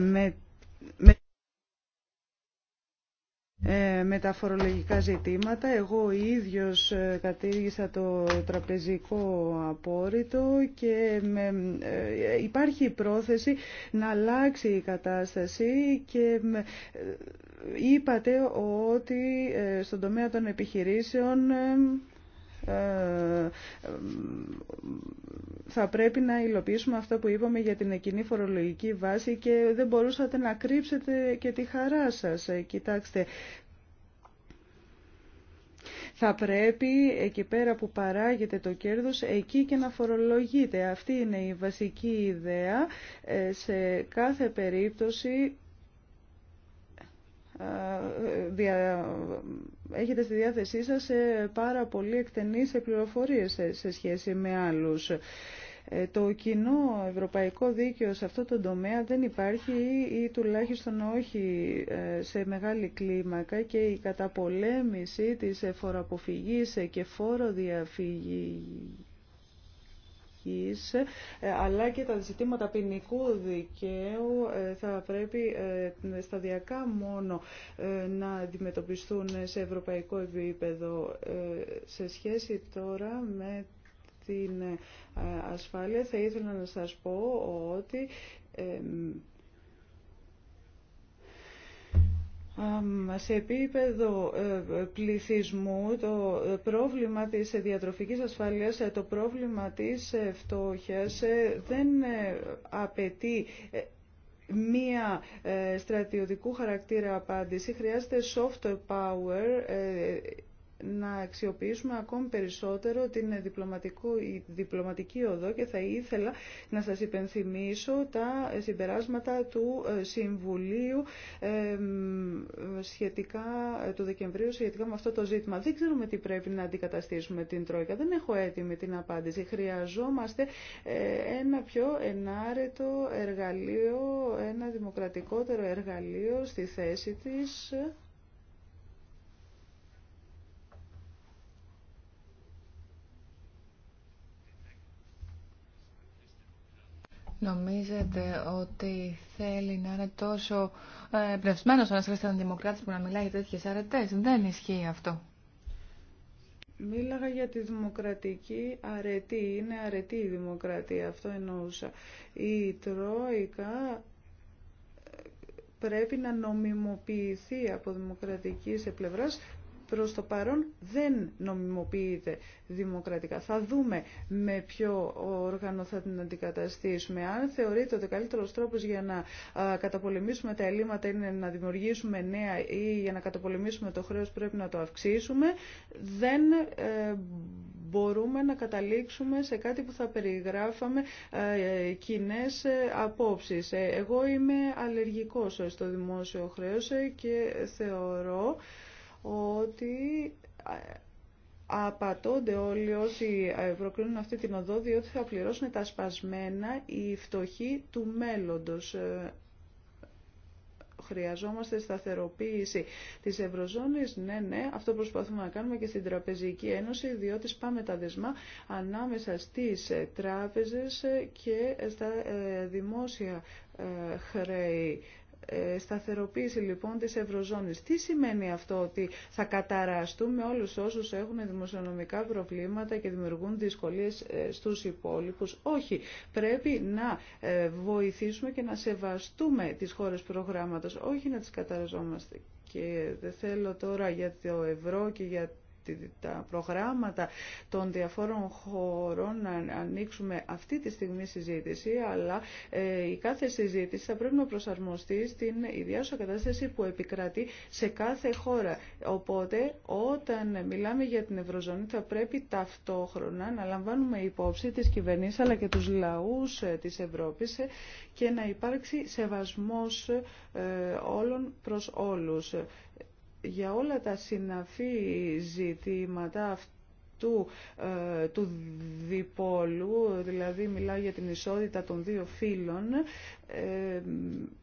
με ε, με τα φορολογικά ζητήματα. Εγώ ίδιος ε, κατήργησα το τραπεζικό απόρριτο και με, ε, υπάρχει η πρόθεση να αλλάξει η κατάσταση και με, είπατε ότι στον τομέα των επιχειρήσεων ε, θα πρέπει να υλοποιήσουμε αυτό που είπαμε για την εκείνη φορολογική βάση και δεν μπορούσατε να κρύψετε και τη χαρά σας. Ε, κοιτάξτε, θα πρέπει εκεί πέρα που παράγεται το κέρδος, εκεί και να φορολογείτε. Αυτή είναι η βασική ιδέα. Ε, σε κάθε περίπτωση έχετε στη διάθεσή σας ε, πάρα πολύ εκτενείς πληροφορίες σε σχέση με άλλους. Ε, το κοινό ευρωπαϊκό δίκαιο σε αυτό το τομέα δεν υπάρχει ή τουλάχιστον όχι ε, σε μεγάλη κλίμακα και η καταπολέμηση της φοροαποφυγής και φοροδιαφυγής ε, αλλά και τα ζητήματα ποινικού δικαίου ε, θα πρέπει ε, σταδιακά μόνο να αντιμετωπιστούν σε ευρωπαϊκό επίπεδο. Σε σχέση τώρα με την ασφάλεια θα ήθελα να σας πω ότι Σε επίπεδο ε, πληθυσμού, το πρόβλημα της διατροφικής ασφάλειας, ε, το πρόβλημα της ε, φτώχειας δεν απαιτεί μία στρατιωτικού χαρακτήρα απάντηση. Χρειάζεται soft power να αξιοποιήσουμε ακόμη περισσότερο την διπλωματική οδό και θα ήθελα να σας υπενθυμίσω τα συμπεράσματα του ε, Συμβουλίου σχετικά ε, του Δεκεμβρίου σχετικά με αυτό το ζήτημα. Δεν ξέρουμε τι πρέπει να αντικαταστήσουμε την Τρόικα. Δεν έχω έτοιμη την απάντηση. Χρειαζόμαστε ε, ένα πιο ενάρετο εργαλείο, ένα δημοκρατικότερο εργαλείο στη θέση της Νομίζετε ότι θέλει να είναι τόσο ε, εμπνευσμένο ένα δημοκράτη που να μιλάει για τέτοιε αρετέ. Δεν ισχύει αυτό. Μίλαγα για τη δημοκρατική αρετή. Είναι αρετή η δημοκρατία. Αυτό εννοούσα. Η Τρόικα ε, πρέπει να νομιμοποιηθεί από σε πλευρά προς το παρόν δεν νομιμοποιείται δημοκρατικά. Θα δούμε με ποιο όργανο θα την αντικαταστήσουμε. Αν θεωρείτε ότι ο καλύτερος τρόπος για να καταπολεμήσουμε τα ελλείμματα είναι να δημιουργήσουμε νέα ή για να καταπολεμήσουμε το χρέος πρέπει να το αυξήσουμε, δεν ε, μπορούμε να καταλήξουμε σε κάτι που θα περιγράφαμε ε, κοινέ ε, απόψεις. Εγώ είμαι αλλεργικός στο δημόσιο χρέος και θεωρώ ότι ε, απατώνται όλοι όσοι ε, προκρίνουν αυτή την οδό διότι θα πληρώσουν τα σπασμένα η φτωχή του μέλλοντος. Ε, χρειαζόμαστε σταθεροποίηση της Ευρωζώνης. Ναι, ναι, αυτό προσπαθούμε να κάνουμε και στην Τραπεζική Ένωση, διότι σπάμε τα δεσμά ανάμεσα στις τράπεζες και στα δημόσια χρέη. Ε, σταθεροποίηση λοιπόν της Ευρωζώνης. Τι σημαίνει αυτό ότι θα καταραστούμε όλους όσους έχουν δημοσιονομικά προβλήματα και δημιουργούν δυσκολίες ε, στους υπόλοιπους. Όχι, πρέπει να ε, βοηθήσουμε και να σεβαστούμε τις χώρες προγράμματος, όχι να τις καταραζόμαστε. Και δεν θέλω τώρα για το ευρώ και για τα προγράμματα των διαφόρων χωρών να ανοίξουμε αυτή τη στιγμή συζήτηση, αλλά ε, η κάθε συζήτηση θα πρέπει να προσαρμοστεί στην ιδιαίτερη κατάσταση που επικρατεί σε κάθε χώρα. Οπότε, όταν μιλάμε για την Ευρωζώνη, θα πρέπει ταυτόχρονα να λαμβάνουμε υπόψη τις κυβερνήσεις αλλά και τους λαούς ε, της Ευρώπης ε, και να υπάρξει σεβασμός όλων προς όλους για όλα τα συναφή ζητήματα αυτού ε, του διπόλου, δηλαδή μιλάω για την ισότητα των δύο φύλων, ε,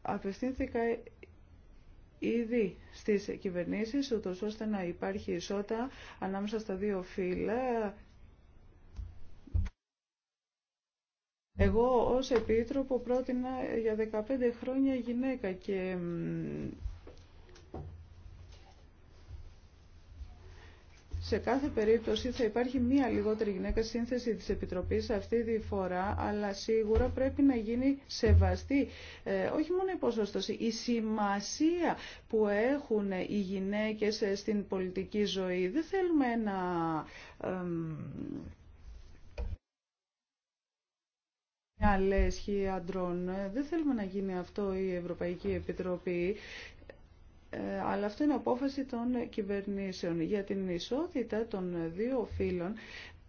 απευθύνθηκα ήδη στις κυβερνήσεις, ούτως ώστε να υπάρχει ισότητα ανάμεσα στα δύο φύλλα, Εγώ ως επίτροπο πρότεινα για 15 χρόνια γυναίκα και Σε κάθε περίπτωση θα υπάρχει μία λιγότερη γυναίκα σύνθεση της Επιτροπής αυτή τη φορά, αλλά σίγουρα πρέπει να γίνει σεβαστή ε, όχι μόνο η ποσόστοση, η σημασία που έχουν οι γυναίκες ε, στην πολιτική ζωή. Δεν θέλουμε ένα... Μια λέσχη αντρών. Δεν θέλουμε να γίνει αυτό η Ευρωπαϊκή Επιτροπή. Ε, αλλά αυτό είναι απόφαση των κυβερνήσεων για την ισότητα των δύο φύλων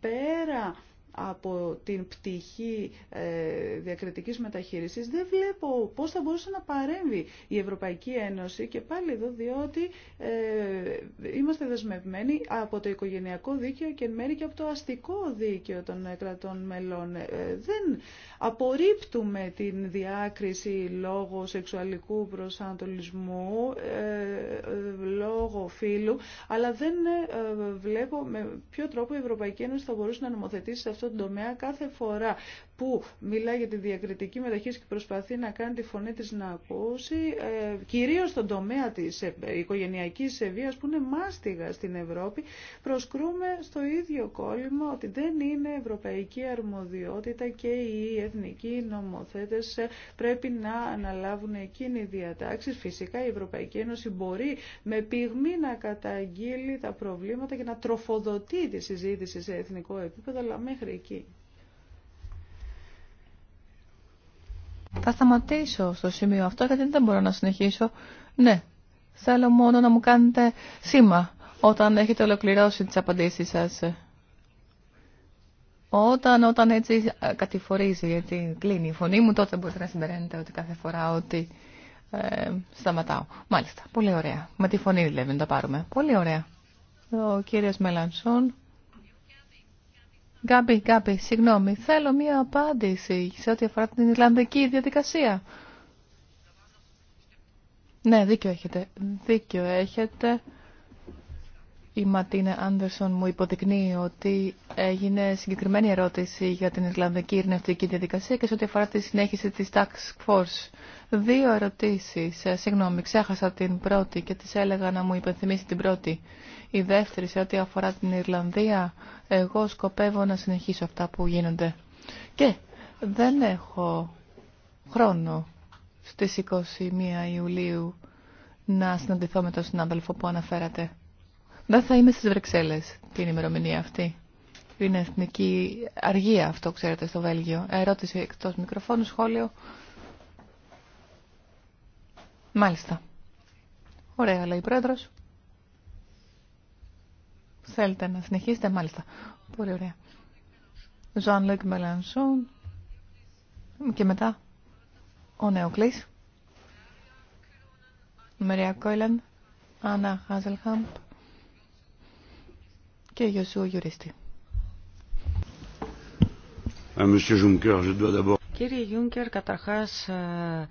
πέρα από την πτυχή ε, διακριτικής μεταχείρισης δεν βλέπω πώς θα μπορούσε να παρέμβει η Ευρωπαϊκή Ένωση και πάλι εδώ διότι ε, είμαστε δεσμευμένοι από το οικογενειακό δίκαιο και εν μέρει και από το αστικό δίκαιο των κρατών μελών. Δεν Απορρίπτουμε την διάκριση λόγω σεξουαλικού προσανατολισμού, ε, ε, λόγω φύλου, αλλά δεν ε, βλέπω με ποιο τρόπο η Ευρωπαϊκή Ένωση θα μπορούσε να νομοθετήσει σε αυτό τον τομέα κάθε φορά που μιλάει για τη διακριτική μεταχείριση και προσπαθεί να κάνει τη φωνή της να ακούσει, ε, κυρίως στον τομέα της ε, οικογενειακής βίας που είναι μάστιγα στην Ευρώπη, προσκρούμε στο ίδιο κόλλημα ότι δεν είναι ευρωπαϊκή αρμοδιότητα και οι εθνικοί νομοθέτες ε, πρέπει να αναλάβουν εκείνη οι διατάξεις. Φυσικά η Ευρωπαϊκή Ένωση μπορεί με πυγμή να καταγγείλει τα προβλήματα και να τροφοδοτεί τη συζήτηση σε εθνικό επίπεδο, αλλά μέχρι εκεί. Θα σταματήσω στο σημείο αυτό γιατί δεν μπορώ να συνεχίσω. Ναι, θέλω μόνο να μου κάνετε σήμα όταν έχετε ολοκληρώσει τις απαντήσεις σας. Όταν, όταν έτσι ε, κατηφορίζει, γιατί κλείνει η φωνή μου, τότε μπορείτε να συμπεραίνετε ότι κάθε φορά ότι ε, σταματάω. Μάλιστα, πολύ ωραία. Με τη φωνή δηλαδή να τα πάρουμε. Πολύ ωραία. Ο κύριος Μελανσόν. Γκάμπι, Γκάμπι, συγγνώμη, θέλω μία απάντηση σε ό,τι αφορά την Ιρλανδική διαδικασία. Ναι, δίκιο έχετε. Δίκιο έχετε η Ματίνα Άντερσον μου υποδεικνύει ότι έγινε συγκεκριμένη ερώτηση για την Ιρλανδική ειρηνευτική διαδικασία και σε ό,τι αφορά τη συνέχιση της Tax Force. Δύο ερωτήσεις. Ε, συγγνώμη, ξέχασα την πρώτη και της έλεγα να μου υπενθυμίσει την πρώτη. Η δεύτερη, σε ό,τι αφορά την Ιρλανδία, εγώ σκοπεύω να συνεχίσω αυτά που γίνονται. Και δεν έχω χρόνο στις 21 Ιουλίου να συναντηθώ με τον συνάδελφο που αναφέρατε. Δεν θα είμαι στις Βρεξέλλες την ημερομηνία αυτή. Είναι εθνική αργία αυτό, ξέρετε, στο Βέλγιο. Ερώτηση εκτός μικροφώνου, σχόλιο. Μάλιστα. Ωραία, λέει η πρόεδρος. Θέλετε να συνεχίσετε, μάλιστα. Πολύ ωραία. Ζωάν Λεκ Μελανσόν και μετά ο Νεοκλής. Μερία Κόιλεν, Άννα Χάζελχαμπ. Ε, Κύριε Γιούνκερ, καταρχάς ε,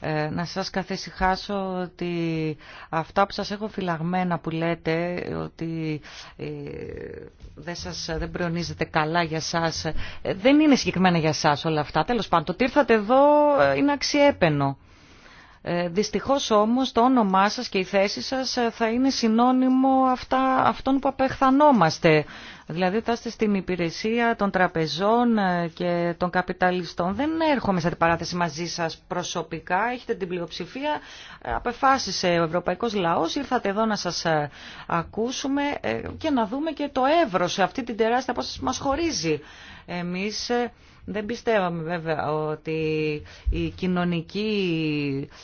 ε, να σας καθησυχάσω ότι αυτά που σας έχω φυλαγμένα που λέτε ότι δεν, σας, δεν καλά για σας δεν είναι συγκεκριμένα για σας όλα αυτά. Τέλος πάντων, το ότι ήρθατε εδώ είναι αξιέπαινο. Ε, δυστυχώς όμως το όνομά σας και η θέση σας ε, θα είναι συνώνυμο αυτά, αυτών που απεχθανόμαστε. Δηλαδή όταν είστε στην υπηρεσία των τραπεζών ε, και των καπιταλιστών δεν έρχομαι σε την παράθεση μαζί σας προσωπικά, έχετε την πλειοψηφία, ε, απεφάσισε ο Ευρωπαϊκός Λαός, ήρθατε εδώ να σας ε, ακούσουμε και να δούμε και το σε αυτή την τεράστια πόσα που μας χωρίζει. Εμείς δεν πιστεύαμε βέβαια ότι η κοινωνική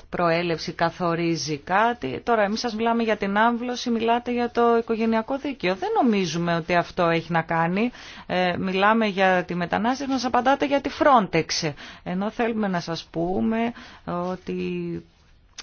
προέλευση καθορίζει κάτι. Τώρα εμείς σας μιλάμε για την άμβλωση, μιλάτε για το οικογενειακό δίκαιο. Δεν νομίζουμε ότι αυτό έχει να κάνει. Ε, μιλάμε για τη μετανάστευση, μας απαντάτε για τη Frontex. Ενώ θέλουμε να σας πούμε ότι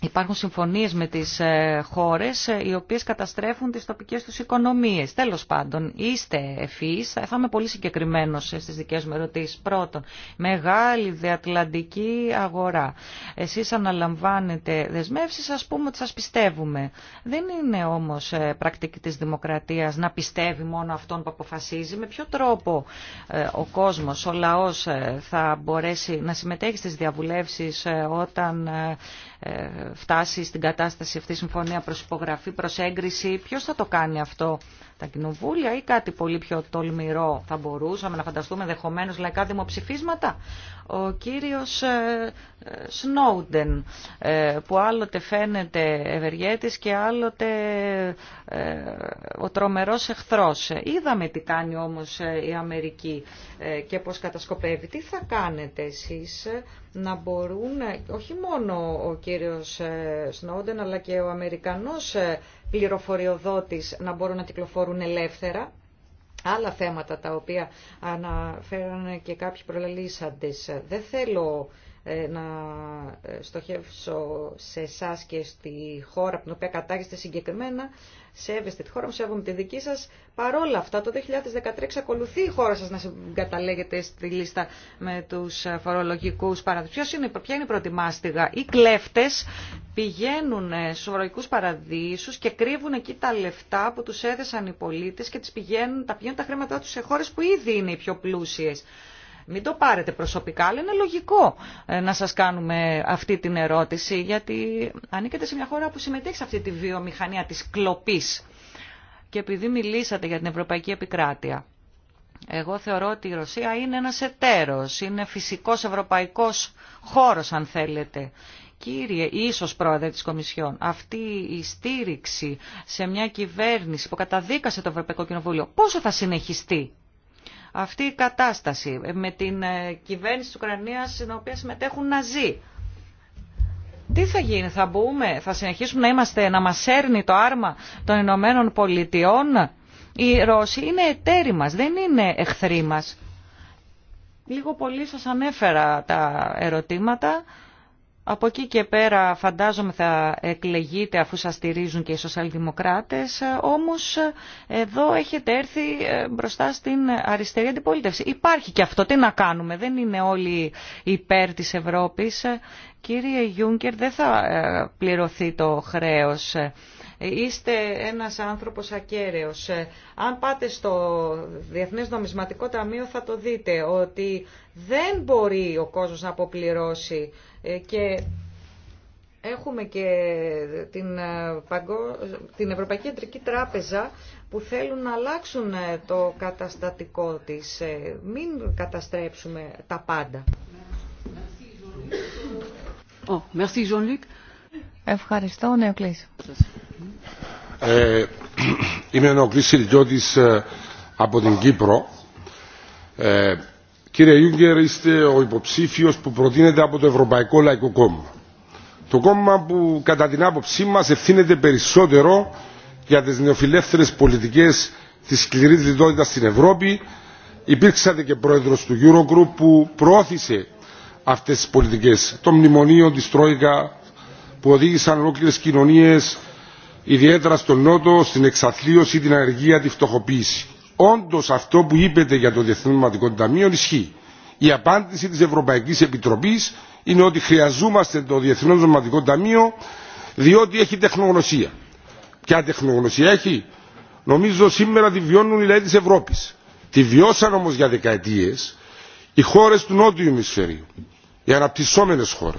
Υπάρχουν συμφωνίες με τις ε, χώρες ε, οι οποίες καταστρέφουν τις τοπικές τους οικονομίες. Τέλος πάντων, είστε ευφύς, θα είμαι πολύ συγκεκριμένος ε, στις δικές μου ερωτήσεις. Πρώτον, μεγάλη διατλαντική αγορά. Εσείς αναλαμβάνετε δεσμεύσεις, ας πούμε ότι σας πιστεύουμε. Δεν είναι όμως πρακτική της δημοκρατίας να πιστεύει μόνο αυτόν που αποφασίζει. Με ποιο τρόπο ο κόσμος, ο λαός θα μπορέσει να συμμετέχει στις διαβουλεύσεις όταν ε, φτάσει στην κατάσταση αυτή η συμφωνία προ υπογραφή, προ έγκριση. Ποιο θα το κάνει αυτό τα κοινοβούλια ή κάτι πολύ πιο τολμηρό θα μπορούσαμε να φανταστούμε ενδεχομένω λαϊκά δημοψηφίσματα. Ο κύριος ε, ε, Σνόουντεν ε, που άλλοτε φαίνεται ευεργέτης και άλλοτε ο τρομερός εχθρός. Είδαμε τι κάνει όμως η κατι πολυ πιο τολμηρο θα μπορουσαμε να φανταστουμε δεχομενως λαικα δημοψηφισματα ο κυριος σνοουντεν που αλλοτε φαινεται ευεργετης και πώς κατασκοπεύει. Τι θα κάνετε εσείς να μπορούν όχι μόνο ο κύριος Σνόουντεν αλλά και ο Αμερικανός πληροφοριοδότης να μπορούν να κυκλοφορούν ελεύθερα. Άλλα θέματα τα οποία αναφέραν και κάποιοι προλαλήσαντες. Δεν θέλω ε, να ε, στοχεύσω σε εσά και στη χώρα από την οποία κατάγεστε συγκεκριμένα. Σέβεστε τη χώρα μου, σέβομαι τη δική σα Παρόλα αυτά, το 2013 ακολουθεί η χώρα σα να συγκαταλέγετε στη λίστα με τους φορολογικούς παραδείσους. είναι, ποια είναι η πρώτη μάστιγα. Οι κλέφτε πηγαίνουν ε, στους φορολογικούς παραδείσους και κρύβουν εκεί τα λεφτά που τους έδεσαν οι πολίτες και τις τα πηγαίνουν τα χρήματά τους σε χώρες που ήδη είναι οι πιο πλούσιες. Μην το πάρετε προσωπικά, αλλά είναι λογικό ε, να σας κάνουμε αυτή την ερώτηση, γιατί ανήκετε σε μια χώρα που συμμετέχει σε αυτή τη βιομηχανία της κλοπής. Και επειδή μιλήσατε για την Ευρωπαϊκή Επικράτεια, εγώ θεωρώ ότι η Ρωσία είναι ένας εταίρος, είναι φυσικός ευρωπαϊκός χώρος αν θέλετε. Κύριε, ίσως πρόεδρε της Κομισιόν, αυτή η στήριξη σε μια κυβέρνηση που καταδίκασε το Ευρωπαϊκό Κοινοβούλιο, πόσο θα συνεχιστεί αυτή η κατάσταση ε, με την ε, κυβέρνηση της Ουκρανίας στην οποία συμμετέχουν ζει. Τι θα γίνει, θα μπούμε, θα συνεχίσουμε να είμαστε, να μας σέρνει το άρμα των Ηνωμένων Πολιτειών. η Ρώσοι είναι εταίροι μας, δεν είναι εχθροί μας. Λίγο πολύ σας ανέφερα τα ερωτήματα. Από εκεί και πέρα φαντάζομαι θα εκλεγείτε αφού σας στηρίζουν και οι σοσιαλδημοκράτες, όμως εδώ έχετε έρθει ε, μπροστά στην αριστερή αντιπολίτευση. Υπάρχει και αυτό, τι να κάνουμε, δεν είναι όλοι υπέρ της Ευρώπης. Κύριε Γιούγκερ, δεν θα ε, πληρωθεί το χρέος Είστε ένας άνθρωπος ακέραιος. Ε, αν πάτε στο Διεθνές Νομισματικό Ταμείο θα το δείτε ότι δεν μπορεί ο κόσμος να αποπληρώσει ε, και Έχουμε και την, ε, την Ευρωπαϊκή Κεντρική Τράπεζα που θέλουν να αλλάξουν το καταστατικό της. Μην καταστρέψουμε τα πάντα. Oh, merci Jean-Luc. Ευχαριστώ, Νεοκλής. Ε, είμαι ο Κλής ε, από την Κύπρο. Ε, κύριε Ιούγκερ, είστε ο υποψήφιος που προτείνεται από το Ευρωπαϊκό Λαϊκό Κόμμα. Το κόμμα που κατά την άποψή μας ευθύνεται περισσότερο για τις νεοφιλεύθερες πολιτικές της σκληρής λιτότητας στην Ευρώπη. Υπήρξατε και πρόεδρος του Eurogroup που προώθησε αυτές τις πολιτικές. Το μνημονίο της Τρόικα που οδήγησαν ολόκληρες κοινωνίες ιδιαίτερα στον Νότο, στην εξαθλίωση, την αργία, τη φτωχοποίηση. Όντω αυτό που είπετε για το ΔΝΤ Ταμείο ισχύει. Η απάντηση τη Ευρωπαϊκή Επιτροπή είναι ότι χρειαζόμαστε το Διεθνέ Νοματικό Ταμείο διότι έχει τεχνογνωσία. Ποια τεχνογνωσία έχει, νομίζω σήμερα τη βιώνουν οι λαοί τη Ευρώπη. Τη βιώσαν όμω για δεκαετίε οι χώρε του Νότιου ημισφαιρίου, οι αναπτυσσόμενε χώρε.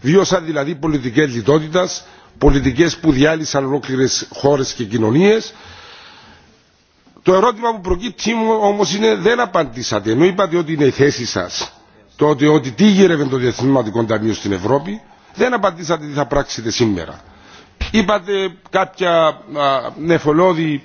Βίωσαν δηλαδή πολιτικέ λιτότητα, πολιτικές που διάλυσαν ολόκληρες χώρες και κοινωνίες. Το ερώτημα που προκύπτει όμως είναι δεν απαντήσατε, ενώ είπατε ότι είναι η θέση σας το ότι τι γύρευε το Διεθνή Ταμείο στην Ευρώπη, δεν απαντήσατε τι θα πράξετε σήμερα. Είπατε κάποια α, νεφολόδη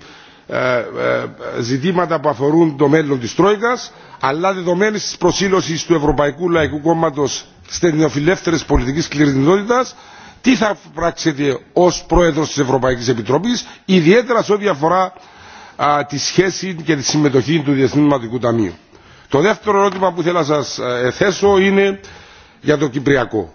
α, ε, α, ε, ζητήματα που αφορούν το μέλλον της Τρόικας, αλλά δεδομένης της προσήλωσης του Ευρωπαϊκού Λαϊκού Κόμματος στις νεοφιλεύθερες πολιτικής κληρινότητας, τι θα πράξετε ως πρόεδρος της Ευρωπαϊκής Επιτροπής ιδιαίτερα σε ό,τι αφορά τη σχέση και τη συμμετοχή του Διεθνού Ματικού Ταμείου. Το δεύτερο ερώτημα που θέλω να σας ε, θέσω είναι για το Κυπριακό.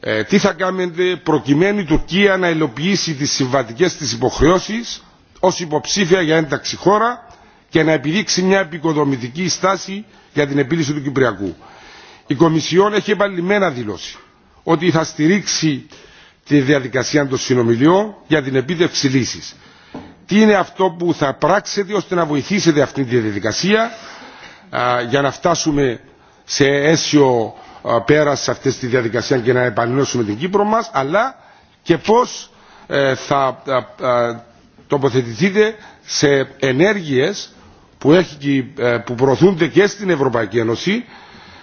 Ε, τι θα κάνετε προκειμένου η Τουρκία να υλοποιήσει τις συμβατικές της υποχρεώσεις ως υποψήφια για ένταξη χώρα και να επιδείξει μια επικοδομητική στάση για την επίλυση του Κυπριακού. Η Κομισιόν έχει επαλημένα δηλώσει ότι θα στηρίξει τη διαδικασία των συνομιλιών για την επίτευξη λύσης. Τι είναι αυτό που θα πράξετε ώστε να βοηθήσετε αυτή τη διαδικασία για να φτάσουμε σε αίσιο πέρα σε αυτή τη διαδικασία και να επανενώσουμε την Κύπρο μας, αλλά και πώς ε, θα τοποθετηθείτε σε ενέργειες που, έχει, ε, που προωθούνται και στην Ευρωπαϊκή Ένωση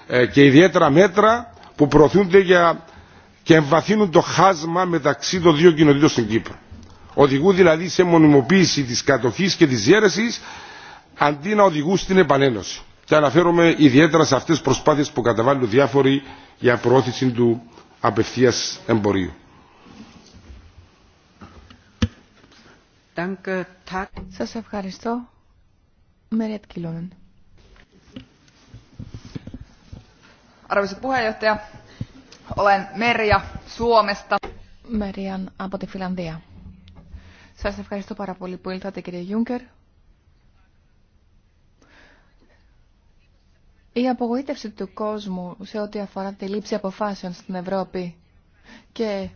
ε, και ιδιαίτερα μέτρα που προωθούνται για και εμβαθύνουν το χάσμα μεταξύ των δύο κοινοτήτων στην Κύπρο. Οδηγούν δηλαδή σε μονιμοποίηση της κατοχής και της διέρεσης αντί να οδηγούν στην επανένωση. Και αναφέρομαι ιδιαίτερα σε αυτές τις προσπάθειες που καταβάλουν διάφοροι για προώθηση του απευθείας εμπορίου. Σας ευχαριστώ. Arvoisa Olen Merja Suomesta. από τη Φιλανδία. Σας ευχαριστώ πάρα πολύ που ήλθατε κύριε Γιούγκερ. Η απογοήτευση του κόσμου σε ό,τι αφορά τη λήψη αποφάσεων στην Ευρώπη και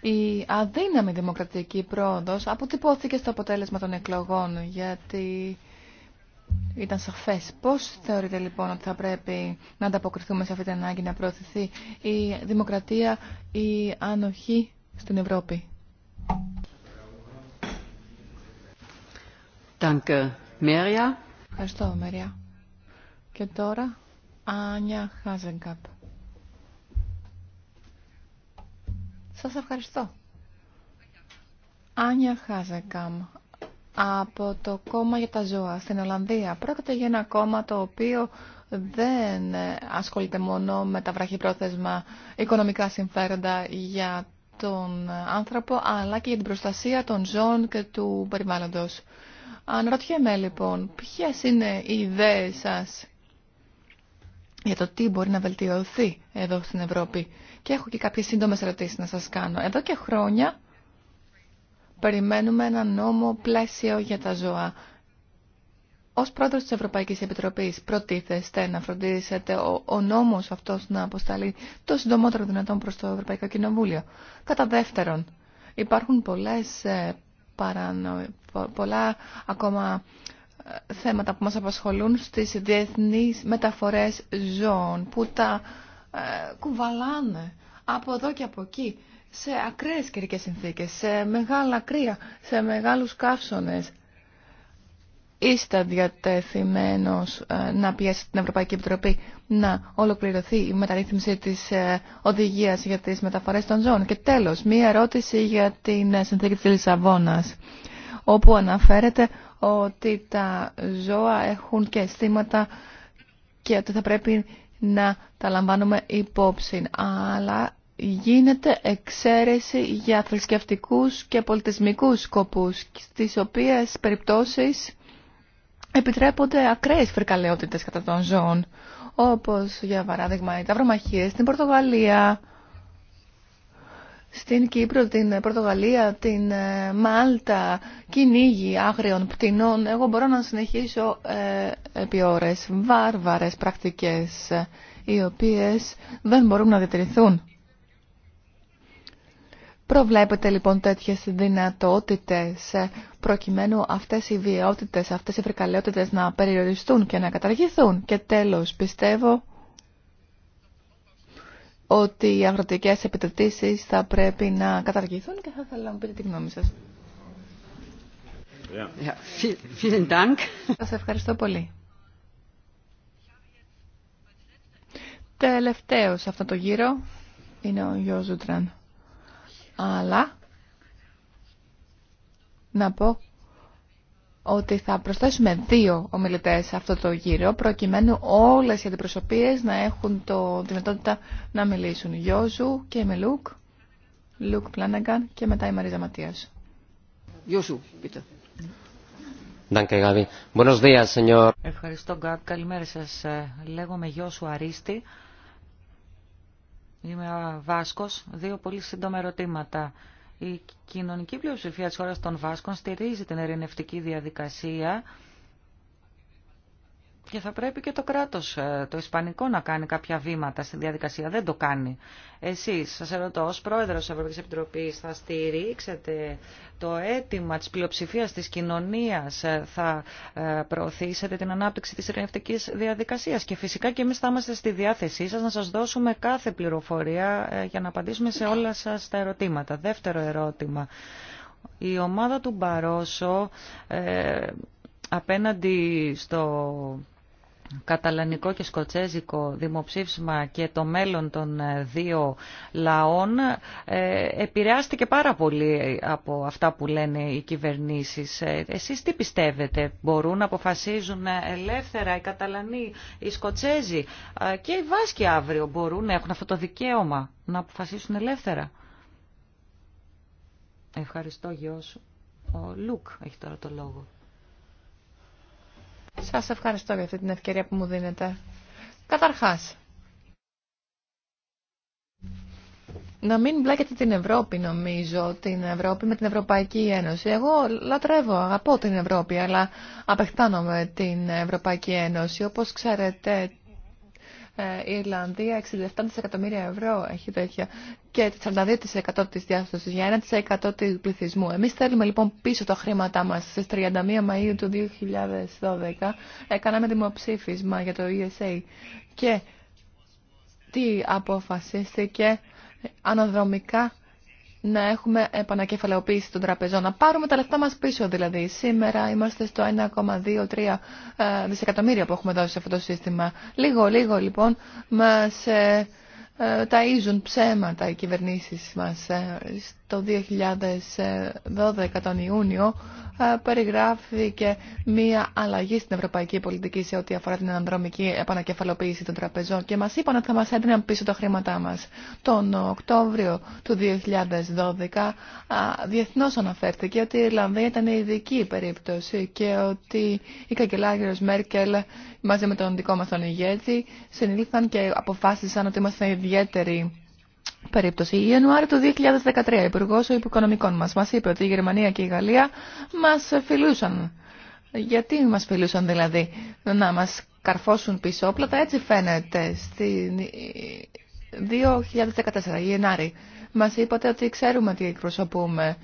η αδύναμη δημοκρατική πρόοδος αποτυπώθηκε στο αποτέλεσμα των εκλογών γιατί ήταν σαφέ. Πώ θεωρείτε λοιπόν ότι θα πρέπει να ανταποκριθούμε σε αυτή την ανάγκη να προωθηθεί η δημοκρατία, η ανοχή στην Ευρώπη. Ευχαριστώ, Μέρια. Και τώρα, Άνια Χάζεγκαπ. Σας ευχαριστώ. Άνια Χάζεγκαμ από το κόμμα για τα ζώα στην Ολλανδία. Πρόκειται για ένα κόμμα το οποίο δεν ασχολείται μόνο με τα βραχυπρόθεσμα οικονομικά συμφέροντα για τον άνθρωπο, αλλά και για την προστασία των ζώων και του περιβάλλοντος. Αναρωτιέμαι λοιπόν, ποιε είναι οι ιδέες σας για το τι μπορεί να βελτιωθεί εδώ στην Ευρώπη. Και έχω και κάποιες σύντομες ερωτήσεις να σας κάνω. Εδώ και χρόνια περιμένουμε ένα νόμο πλαίσιο για τα ζώα. Ως πρόεδρος της Ευρωπαϊκής Επιτροπής προτίθεστε να φροντίσετε ο, νόμος αυτός να αποσταλεί το συντομότερο δυνατόν προς το Ευρωπαϊκό Κοινοβούλιο. Κατά δεύτερον, υπάρχουν πολλές, ε, παρανο... πολλά ακόμα ε, θέματα που μας απασχολούν στις διεθνείς μεταφορές ζώων που τα ε, κουβαλάνε από εδώ και από εκεί σε ακραίες καιρικές συνθήκες, σε μεγάλα κρύα, σε μεγάλους καύσονες. Είστε διατεθειμένος ε, να πιέσει την Ευρωπαϊκή Επιτροπή να ολοκληρωθεί η μεταρρύθμιση της ε, οδηγίας για τις μεταφορές των ζώων. Και τέλος, μία ερώτηση για την ε, συνθήκη της Λισαβόνας, όπου αναφέρεται ότι τα ζώα έχουν και αισθήματα και ότι θα πρέπει να τα λαμβάνουμε υπόψη. Αλλά γίνεται εξαίρεση για θρησκευτικούς και πολιτισμικούς σκοπούς, στις οποίες περιπτώσεις επιτρέπονται ακραίες φρικαλαιότητες κατά των ζώων, όπως για παράδειγμα οι ταυρομαχίες στην Πορτογαλία, στην Κύπρο, την Πορτογαλία, την ε, Μάλτα, κυνήγι άγριων πτηνών. Εγώ μπορώ να συνεχίσω ε, επί ώρες βάρβαρες πρακτικές, ε, οι οποίες δεν μπορούν να διατηρηθούν Προβλέπετε λοιπόν τέτοιες δυνατότητες ε, προκειμένου αυτές οι βιαιότητες, αυτές οι φρικαλαιότητες να περιοριστούν και να καταργηθούν. Και τέλος πιστεύω ότι οι αγροτικές επιτετήσεις θα πρέπει να καταργηθούν και θα ήθελα να μου πείτε τη γνώμη σας. Σας ευχαριστώ πολύ. Τελευταίος αυτό το γύρο είναι ο Γιώργος Ζουτράν αλλά να πω ότι θα προσθέσουμε δύο ομιλητές σε αυτό το γύρο, προκειμένου όλες οι αντιπροσωπείες να έχουν το δυνατότητα να μιλήσουν. Γιώζου και με Λουκ, Λουκ Πλάνεγκαν και μετά η Μαρίζα Ματίας. Γιώζου, πείτε. Ευχαριστώ, Γκάμπ. Καλημέρα σας. Ε, λέγομαι Γιώσου Αρίστη. Είμαι Βάσκος. Δύο πολύ σύντομα ερωτήματα. Η κοινωνική πλειοψηφία τη χώρα των Βάσκων στηρίζει την ερηνευτική διαδικασία και θα πρέπει και το κράτος, ε, το Ισπανικό, να κάνει κάποια βήματα στη διαδικασία. Δεν το κάνει. Εσείς, σας ερωτώ, ως πρόεδρος της Ευρωπαϊκής Επιτροπής, θα στηρίξετε το αίτημα της πλειοψηφίας της κοινωνίας, ε, θα ε, προωθήσετε την ανάπτυξη της ειρηνευτικής διαδικασίας. Και φυσικά και εμείς θα είμαστε στη διάθεσή σας να σας δώσουμε κάθε πληροφορία για να απαντήσουμε σε όλα σας τα ερωτήματα. Δεύτερο ερώτημα. Η ομάδα του Μπαρόσο απέναντι στο καταλανικό και σκοτσέζικο δημοψήφισμα και το μέλλον των ε, δύο λαών ε, επηρεάστηκε πάρα πολύ από αυτά που λένε οι κυβερνήσεις. Ε, εσείς τι πιστεύετε, μπορούν να αποφασίζουν ελεύθερα οι Καταλανοί, οι Σκοτσέζοι και οι Βάσκοι αύριο μπορούν να έχουν αυτό το δικαίωμα να αποφασίσουν ελεύθερα. Ευχαριστώ γιος. Ο Λουκ έχει τώρα το λόγο. Σας ευχαριστώ για αυτή την ευκαιρία που μου δίνετε. Καταρχάς, να μην μπλέκετε την Ευρώπη, νομίζω, την Ευρώπη με την Ευρωπαϊκή Ένωση. Εγώ λατρεύω, αγαπώ την Ευρώπη, αλλά απεχτάνομαι την Ευρωπαϊκή Ένωση. Όπως ξέρετε, ε, η Ιρλανδία 67 δισεκατομμύρια ευρώ έχει τέτοια και 42% της διάστασης για 1% του πληθυσμού. Εμείς θέλουμε λοιπόν πίσω τα χρήματά μας. Στις 31 Μαΐου του 2012 έκαναμε δημοψήφισμα για το ESA και τι αποφασίστηκε αναδρομικά να έχουμε επανακεφαλαιοποίηση των τραπεζών. Να πάρουμε τα λεφτά μας πίσω δηλαδή. Σήμερα είμαστε στο 1,2-3 ε, δισεκατομμύρια που έχουμε δώσει σε αυτό το σύστημα. Λίγο, λίγο λοιπόν μας ε, ε, ταΐζουν ψέματα οι κυβερνήσεις μας. Ε, στο 2012 ε, τον Ιούνιο ε, περιγράφηκε μία αλλαγή στην ευρωπαϊκή πολιτική σε ό,τι αφορά την αναδρομική επανακεφαλοποίηση των τραπεζών και μας είπαν ότι θα μας έδιναν πίσω τα χρήματά μας. Τον Οκτώβριο του 2012 διεθνώς αναφέρθηκε ότι η Ιρλανδία ήταν η ειδική περίπτωση και ότι η καγκελάριος Μέρκελ μαζί με τον δικό μας τον ηγέτη συνήλθαν και αποφάσισαν ότι είμαστε ιδιαίτεροι περίπτωση. Ιανουάριο του 2013, ο Υπουργό Οικονομικών μα μας είπε ότι η Γερμανία και η Γαλλία μα φιλούσαν. Γιατί μα φιλούσαν δηλαδή, να μα καρφώσουν πίσω όπλατα, έτσι φαίνεται. Στην 2014, Γενάρη, μα είπατε ότι ξέρουμε τι εκπροσωπούμε.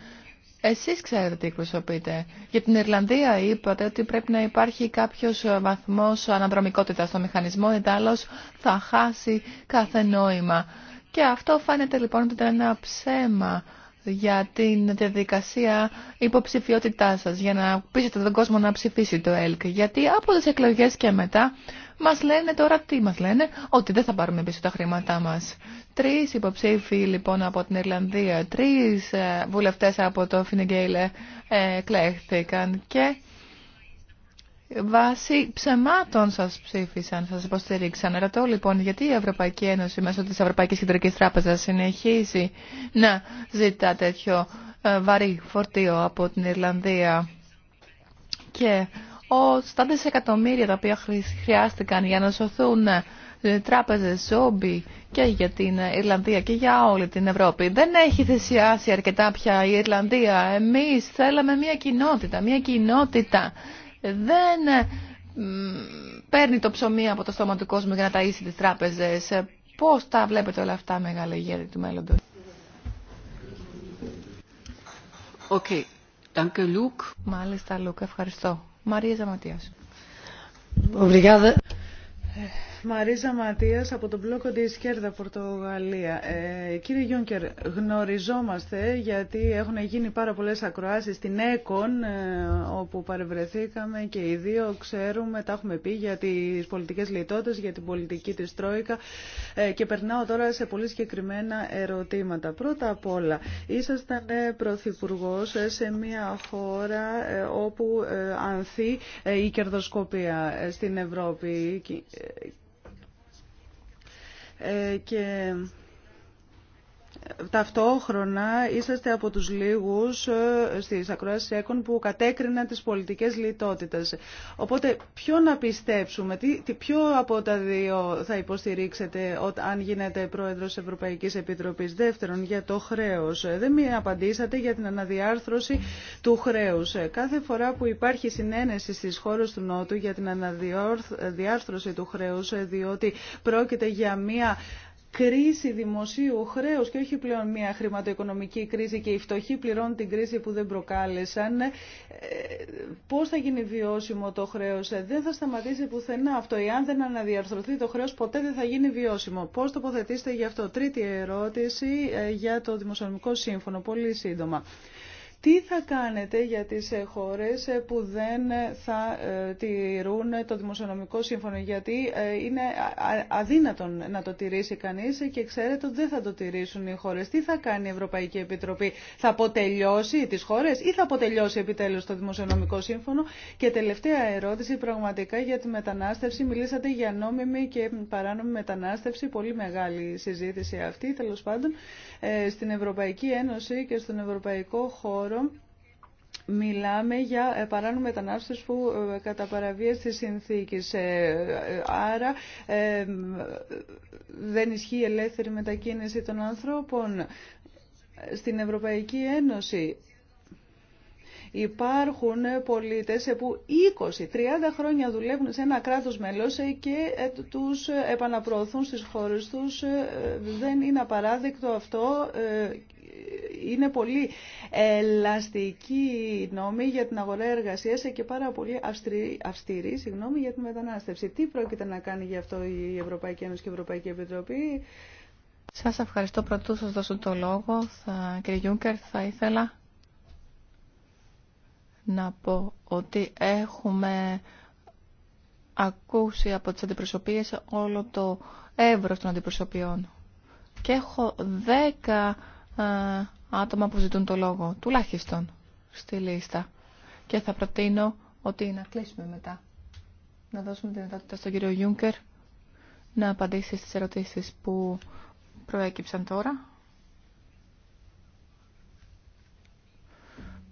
Εσεί ξέρετε τι εκπροσωπείτε. Για την Ιρλανδία είπατε ότι πρέπει να υπάρχει κάποιο βαθμό αναδρομικότητα στο μηχανισμό, εντάλλως θα χάσει κάθε νόημα. Και αυτό φαίνεται λοιπόν ότι ήταν ένα ψέμα για την διαδικασία υποψηφιότητά σας, για να πείσετε τον κόσμο να ψηφίσει το ΕΛΚ. Γιατί από τις εκλογές και μετά μας λένε τώρα τι μας λένε, ότι δεν θα πάρουμε πίσω τα χρήματά μας. Τρεις υποψήφοι λοιπόν από την Ιρλανδία, τρεις ε, βουλευτές από το Φινιγκέιλε ε, κλέχθηκαν και βάσει ψεμάτων σα ψήφισαν, σα υποστηρίξαν. Ρωτώ λοιπόν γιατί η Ευρωπαϊκή Ένωση μέσω τη Ευρωπαϊκή Κεντρική Τράπεζα συνεχίζει να ζητά τέτοιο ε, βαρύ φορτίο από την Ιρλανδία και ο, τα δισεκατομμύρια τα οποία χρειάστηκαν για να σωθούν ε, τράπεζε ζόμπι και για την Ιρλανδία και για όλη την Ευρώπη. Δεν έχει θυσιάσει αρκετά πια η Ιρλανδία. Εμείς θέλαμε μια κοινότητα, μια κοινότητα δεν ε, παίρνει το ψωμί από το στόμα του κόσμου για να ταΐσει τις τράπεζες. Πώς τα βλέπετε όλα αυτά, μεγάλα ηγέτη του μέλλοντος. Okay. Danke, Luke. Μάλιστα, Λουκ. Ευχαριστώ. Μαρία Ζαματίας. Ε, Μαρίζα Ματίας από τον μπλόκο τη Κέρδα, Πορτογαλία. Ε, κύριε Γιούνκερ, γνωριζόμαστε γιατί έχουν γίνει πάρα πολλέ ακροάσεις στην ΕΚΟΝ ε, όπου παρευρεθήκαμε και οι δύο ξέρουμε, τα έχουμε πει για τι πολιτικές λιτότητε, για την πολιτική της Τρόικα ε, και περνάω τώρα σε πολύ συγκεκριμένα ερωτήματα. Πρώτα απ' όλα, ήσασταν ε, Πρωθυπουργό σε μια χώρα όπου ανθεί η κερδοσκοπία στην Ευρώπη ε, και Ταυτόχρονα είσαστε από τους λίγους ε, στις ακροάσεις ΕΚΟΝ που κατέκριναν τις πολιτικές λιτότητες. Οπότε ποιο να πιστέψουμε, τι, τι, ποιο από τα δύο θα υποστηρίξετε αν γίνετε πρόεδρος Ευρωπαϊκής Επιτροπής. Δεύτερον, για το χρέος. Ε, δεν με απαντήσατε για την αναδιάρθρωση του χρέους. Ε, κάθε φορά που υπάρχει συνένεση στις χώρες του Νότου για την αναδιάρθρωση του χρέους, διότι πρόκειται για μια κρίση δημοσίου χρέους και όχι πλέον μια χρηματοοικονομική κρίση και οι φτωχοί πληρώνουν την κρίση που δεν προκάλεσαν. Ε, πώς θα γίνει βιώσιμο το χρέος. Ε, δεν θα σταματήσει πουθενά αυτό. Εάν δεν αναδιαρθρωθεί το χρέος ποτέ δεν θα γίνει βιώσιμο. Πώς τοποθετήσετε γι' αυτό. Τρίτη ερώτηση ε, για το Δημοσιονομικό Σύμφωνο. Πολύ σύντομα. Τι θα κάνετε για τις ε, χώρες ε, που δεν ε, θα τηρούν το Δημοσιονομικό Σύμφωνο, γιατί είναι αδύνατον να το τηρήσει κανείς και ξέρετε ότι δεν θα το τηρήσουν οι χώρες. Τι θα κάνει η Ευρωπαϊκή Επιτροπή, θα αποτελειώσει τις χώρες ή θα αποτελειώσει επιτέλους το Δημοσιονομικό Σύμφωνο. Και τελευταία ερώτηση πραγματικά για τη μετανάστευση. Μιλήσατε για νόμιμη και παράνομη μετανάστευση, πολύ μεγάλη συζήτηση αυτή, τέλος πάντων, στην Ευρωπαϊκή Ένωση και στον Ευρωπαϊκό χώρο Μιλάμε για ε, παράνομη μετανάστες που ε, κατά παραβίαση της συνθήκης. Ε, άρα δεν ισχύει η ελεύθερη μετακίνηση των ανθρώπων στην Ευρωπαϊκή Ένωση. Υπάρχουν πολίτες που 20-30 χρόνια δουλεύουν σε ένα κράτος μέλος και τους επαναπροωθούν στις χώρες τους. Δεν είναι απαράδεκτο αυτό είναι πολύ ελαστική νόμη για την αγορά εργασίας και πάρα πολύ αυστηρή, αυστηρή για την μετανάστευση. Τι πρόκειται να κάνει γι' αυτό η Ευρωπαϊκή Ένωση και η Ευρωπαϊκή Επιτροπή. Σας ευχαριστώ πρωτού σας δώσω το λόγο. Θα, κύριε Γιούγκερ, θα ήθελα να πω ότι έχουμε ακούσει από τις αντιπροσωπείες όλο το εύρος των αντιπροσωπιών. Και έχω δέκα ε, άτομα που ζητούν το λόγο, τουλάχιστον στη λίστα. Και θα προτείνω ότι να κλείσουμε μετά. Να δώσουμε τη δυνατότητα στον κύριο Γιούνκερ να απαντήσει στις ερωτήσεις που προέκυψαν τώρα.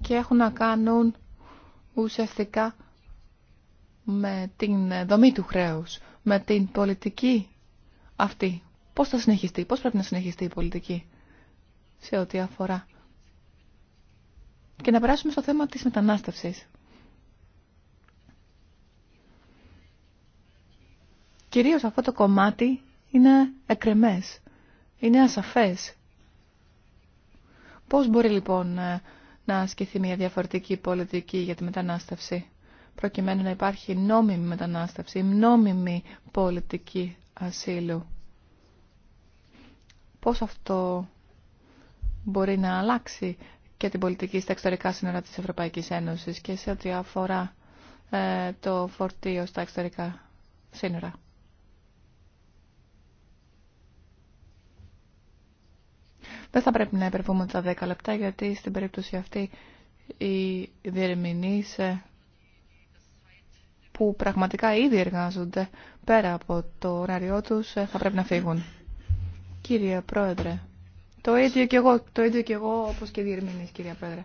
Και έχουν να κάνουν ουσιαστικά με την δομή του χρέους, με την πολιτική αυτή. Πώς θα συνεχιστεί, πώς πρέπει να συνεχιστεί η πολιτική σε ό,τι αφορά. Και να περάσουμε στο θέμα της μετανάστευσης. Κυρίως αυτό το κομμάτι είναι εκρεμές, είναι ασαφές. Πώς μπορεί λοιπόν ε, να ασκηθεί μια διαφορετική πολιτική για τη μετανάστευση, προκειμένου να υπάρχει νόμιμη μετανάστευση, νόμιμη πολιτική ασύλου. Πώς αυτό μπορεί να αλλάξει και την πολιτική στα εξωτερικά σύνορα της Ευρωπαϊκής Ένωσης και σε ό,τι αφορά ε, το φορτίο στα εξωτερικά σύνορα. Δεν θα πρέπει να υπερβούμε τα 10 λεπτά γιατί στην περίπτωση αυτή οι διερμηνείς ε, που πραγματικά ήδη εργάζονται πέρα από το ωράριό τους ε, θα πρέπει να φύγουν. Κύριε Πρόεδρε, το ίδιο και εγώ, το ίδιο και εγώ όπως και κυρία Πέδρε.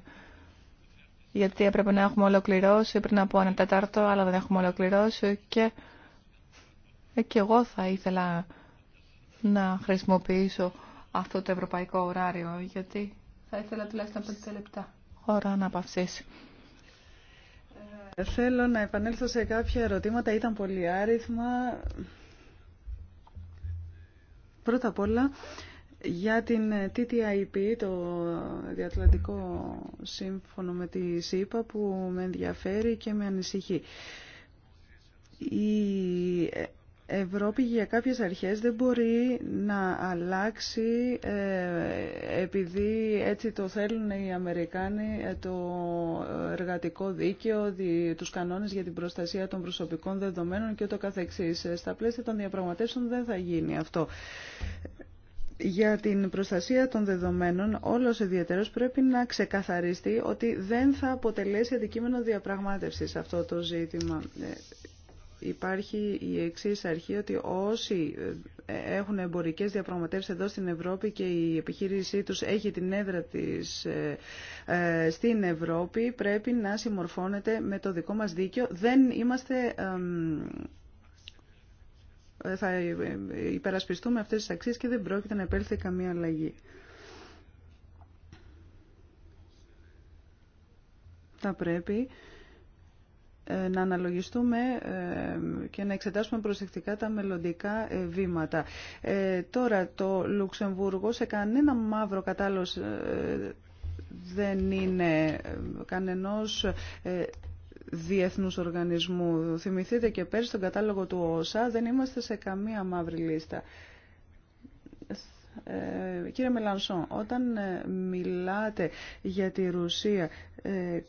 Γιατί έπρεπε να έχουμε ολοκληρώσει πριν από ένα τέταρτο, αλλά δεν έχουμε ολοκληρώσει και, ε, και εγώ θα ήθελα να χρησιμοποιήσω αυτό το ευρωπαϊκό ωράριο, γιατί θα ήθελα τουλάχιστον 5 λεπτά. Ώρα να παυσίσει. Ε, θέλω να επανέλθω σε κάποια ερωτήματα, ήταν πολύ άριθμα. Πρώτα απ' όλα, για την TTIP, το Διατλαντικό Σύμφωνο με τη ΣΥΠΑ, που με ενδιαφέρει και με ανησυχεί. Η Ευρώπη για κάποιες αρχές δεν μπορεί να αλλάξει ε, επειδή έτσι το θέλουν οι Αμερικάνοι ε, το εργατικό δίκαιο, τους κανόνες για την προστασία των προσωπικών δεδομένων και ούτω καθεξής. Ε, στα πλαίσια των διαπραγματεύσεων δεν θα γίνει αυτό για την προστασία των δεδομένων όλος ιδιαίτερος πρέπει να ξεκαθαριστεί ότι δεν θα αποτελέσει αντικείμενο διαπραγμάτευσης αυτό το ζήτημα. Ε, υπάρχει η εξή αρχή ότι όσοι ε, έχουν εμπορικέ διαπραγματεύσει εδώ στην Ευρώπη και η επιχείρησή τους έχει την έδρα τη ε, στην Ευρώπη πρέπει να συμμορφώνεται με το δικό μας δίκαιο. Δεν είμαστε θα υπερασπιστούμε αυτές τις αξίες και δεν πρόκειται να επέλθει καμία αλλαγή. Θα πρέπει ε, να αναλογιστούμε ε, και να εξετάσουμε προσεκτικά τα μελλοντικά ε, βήματα. Τώρα το Λουξεμβούργο σε κανένα μαύρο κατάλληλο δεν είναι κανενός διεθνούς οργανισμού. Θυμηθείτε και πέρσι στον κατάλογο του ΟΣΑ δεν είμαστε σε καμία μαύρη λίστα. Ε, κύριε Μελανσόν, όταν ε, μιλάτε για τη Ρουσία, ε,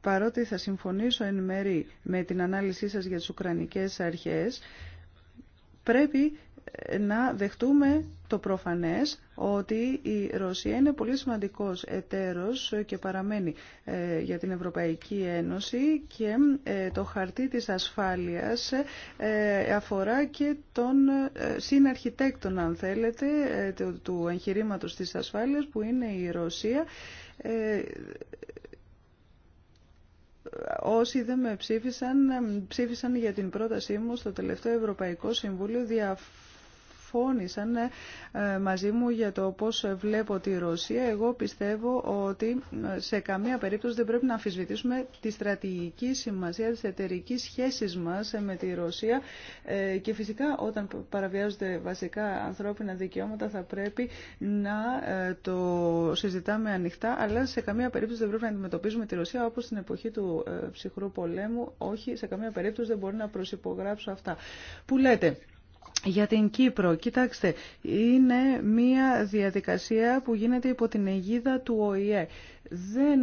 παρότι θα συμφωνήσω εν μέρη με την ανάλυση σας για τις Ουκρανικές αρχές, πρέπει να δεχτούμε το προφανές ότι η Ρωσία είναι πολύ σημαντικός εταίρος και παραμένει ε, για την Ευρωπαϊκή Ένωση και ε, το χαρτί της ασφάλειας ε, αφορά και τον συναρχιτέκτον αν θέλετε του εγχειρήματος της ασφάλειας που είναι η Ρωσία όσοι δεν με ψήφισαν, ψήφισαν για την πρότασή μου στο τελευταίο Ευρωπαϊκό Συμβούλιο συμφώνησαν ε, ε, μαζί μου για το πώς βλέπω τη Ρωσία. Εγώ πιστεύω ότι ε, σε καμία περίπτωση δεν πρέπει να αμφισβητήσουμε τη στρατηγική σημασία της εταιρική σχέσης μας με τη Ρωσία και φυσικά όταν παραβιάζονται βασικά ανθρώπινα δικαιώματα θα πρέπει να το συζητάμε ανοιχτά αλλά σε καμία περίπτωση δεν πρέπει να αντιμετωπίζουμε τη Ρωσία όπως στην εποχή του ψυχρού πολέμου. Όχι, σε καμία περίπτωση δεν μπορεί να προσυπογράψω αυτά. Που λέτε, για την Κύπρο. Κοιτάξτε, είναι μία διαδικασία που γίνεται υπό την αιγίδα του ΟΗΕ. Δεν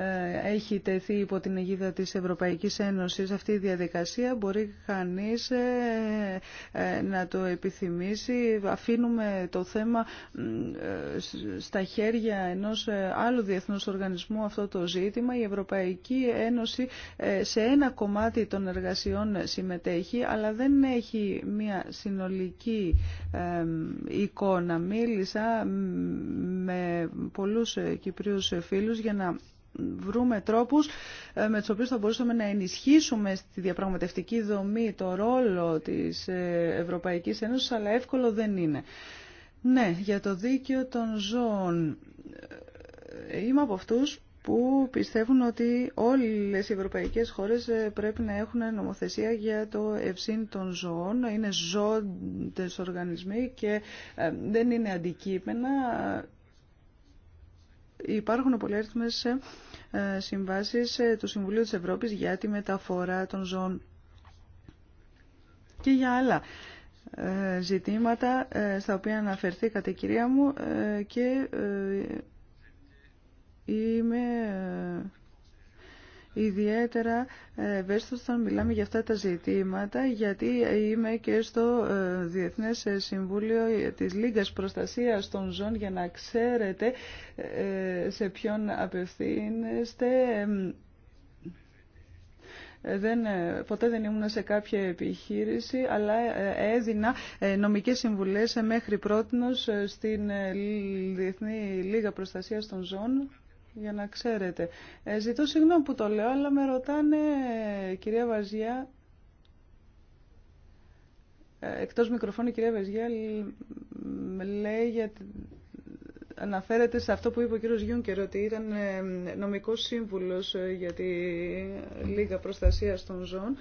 ε, έχει τεθεί υπό την αιγίδα της Ευρωπαϊκής Ένωσης αυτή η διαδικασία μπορεί κανείς ε, ε, να το επιθυμήσει. Αφήνουμε το θέμα στα χέρια ενός άλλου διεθνούς οργανισμού αυτό το ζήτημα. Η Ευρωπαϊκή Ένωση σε ένα κομμάτι των εργασιών συμμετέχει αλλά δεν έχει μια συνολική εικόνα. Μίλησα με πολλούς Κυπρίους φίλους για να βρούμε τρόπους ε, με τους οποίους θα μπορούσαμε να ενισχύσουμε στη διαπραγματευτική δομή το ρόλο της ε, Ευρωπαϊκής Ένωσης, αλλά εύκολο δεν είναι. Ναι, για το δίκαιο των ζώων. Ε, είμαι από αυτούς που πιστεύουν ότι όλες οι ευρωπαϊκές χώρες πρέπει να έχουν νομοθεσία για το ευσύν των ζώων. Είναι ζώντες οργανισμοί και δεν είναι αντικείμενα υπάρχουν πολυάριθμες ε, συμβάσεις ε, του Συμβουλίου της Ευρώπης για τη μεταφορά των ζώων και για άλλα ε, ζητήματα στα οποία αναφερθήκατε κυρία μου και είμαι ιδιαίτερα ευαίσθητος μιλάμε για αυτά τα ζητήματα, γιατί είμαι και στο ε, Διεθνές Συμβούλιο της Λίγας Προστασίας των Ζών για να ξέρετε ε, σε ποιον απευθύνεστε. Ε, δεν, ποτέ δεν ήμουν σε κάποια επιχείρηση, αλλά έδινα νομικές συμβουλές μέχρι πρότινος στην Διεθνή Λίγα Προστασίας των Ζών για να ξέρετε. Ε, ζητώ συγγνώμη που το λέω, αλλά με ρωτάνε, κυρία Βαζιά, ε, εκτός μικροφώνου, κυρία Βαζιά λέει για αναφέρεται σε αυτό που είπε ο κύριος Γιούνκερ ότι ήταν ε, νομικός σύμβουλος για τη Λίγα προστασία των Ζώων.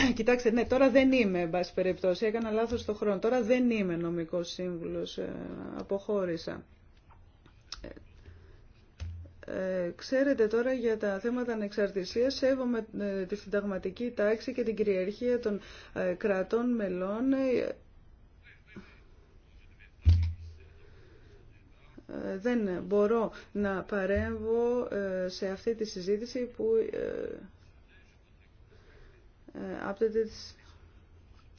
Κοιτάξτε, ναι, τώρα δεν είμαι, εν πάση περιπτώσει. Έκανα λάθος το χρόνο. Τώρα δεν είμαι νομικό σύμβουλο. Ε, αποχώρησα. Ε, ε, ξέρετε τώρα για τα θέματα ανεξαρτησίας σέβομαι ε, τη συνταγματική τάξη και την κυριαρχία των κρατών μελών ε, δεν μπορώ να παρέμβω σε αυτή τη συζήτηση που ε, άπτεται της,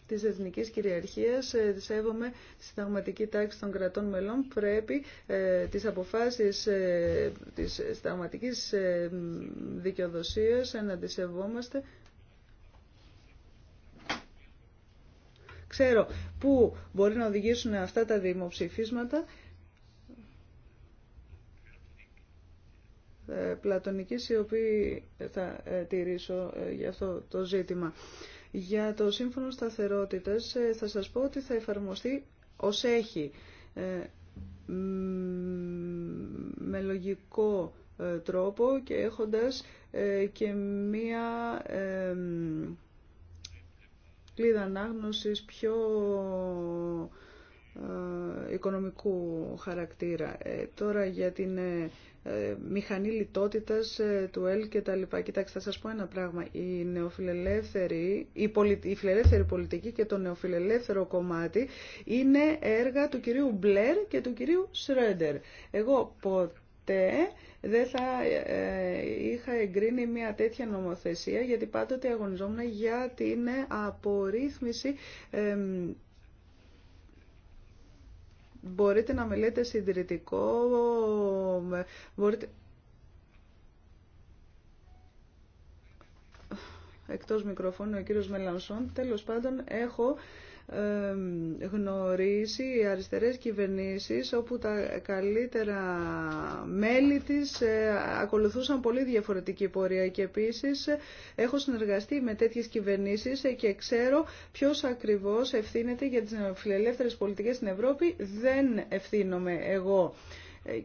της εθνικής κυριαρχίας, ε, σέβομαι τη συνταγματική τάξη των κρατών μελών, πρέπει ε, τις αποφάσεις ε, της συνταγματικής ε, δικαιοδοσίας να τις σεβόμαστε. Ξέρω πού μπορεί να οδηγήσουν αυτά τα δημοψηφίσματα η ε, οποία θα ε, τηρήσω ε, για αυτό το ζήτημα. Για το Σύμφωνο Σταθερότητας θα σας πω ότι θα εφαρμοστεί ως έχει με λογικό τρόπο και έχοντας και μία κλίδα ανάγνωσης πιο οικονομικού χαρακτήρα. Τώρα για την ε, μηχανή λιτότητας ε, του ΕΛ και τα λοιπά. Κοιτάξτε, θα σας πω ένα πράγμα. Η νεοφιλελεύθερη, η, πολι... η φιλελεύθερη πολιτική και το νεοφιλελεύθερο κομμάτι είναι έργα του κυρίου Μπλερ και του κυρίου Σρέντερ. Εγώ ποτέ δεν θα ε, είχα εγκρίνει μια τέτοια νομοθεσία γιατί πάντοτε αγωνιζόμουν για την απορρίθμιση μπορείτε να μιλείτε συντηρητικό, μπορείτε... Εκτός μικροφώνου ο κύριος Μελανσόν, τέλος πάντων έχω γνωρίσει οι αριστερές κυβερνήσεις όπου τα καλύτερα μέλη της ε, ακολουθούσαν πολύ διαφορετική πορεία και επίσης έχω συνεργαστεί με τέτοιες κυβερνήσεις και ξέρω ποιος ακριβώς ευθύνεται για τις φιλελεύθερες πολιτικές στην Ευρώπη δεν ευθύνομαι εγώ ε,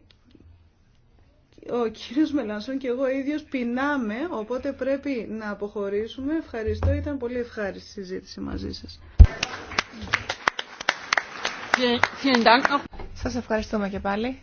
ο κύριος Μελανσόν και εγώ ίδιος πεινάμε, οπότε πρέπει να αποχωρήσουμε. Ευχαριστώ, ήταν πολύ ευχάριστη συζήτηση μαζί σας. Σας ευχαριστούμε και πάλι.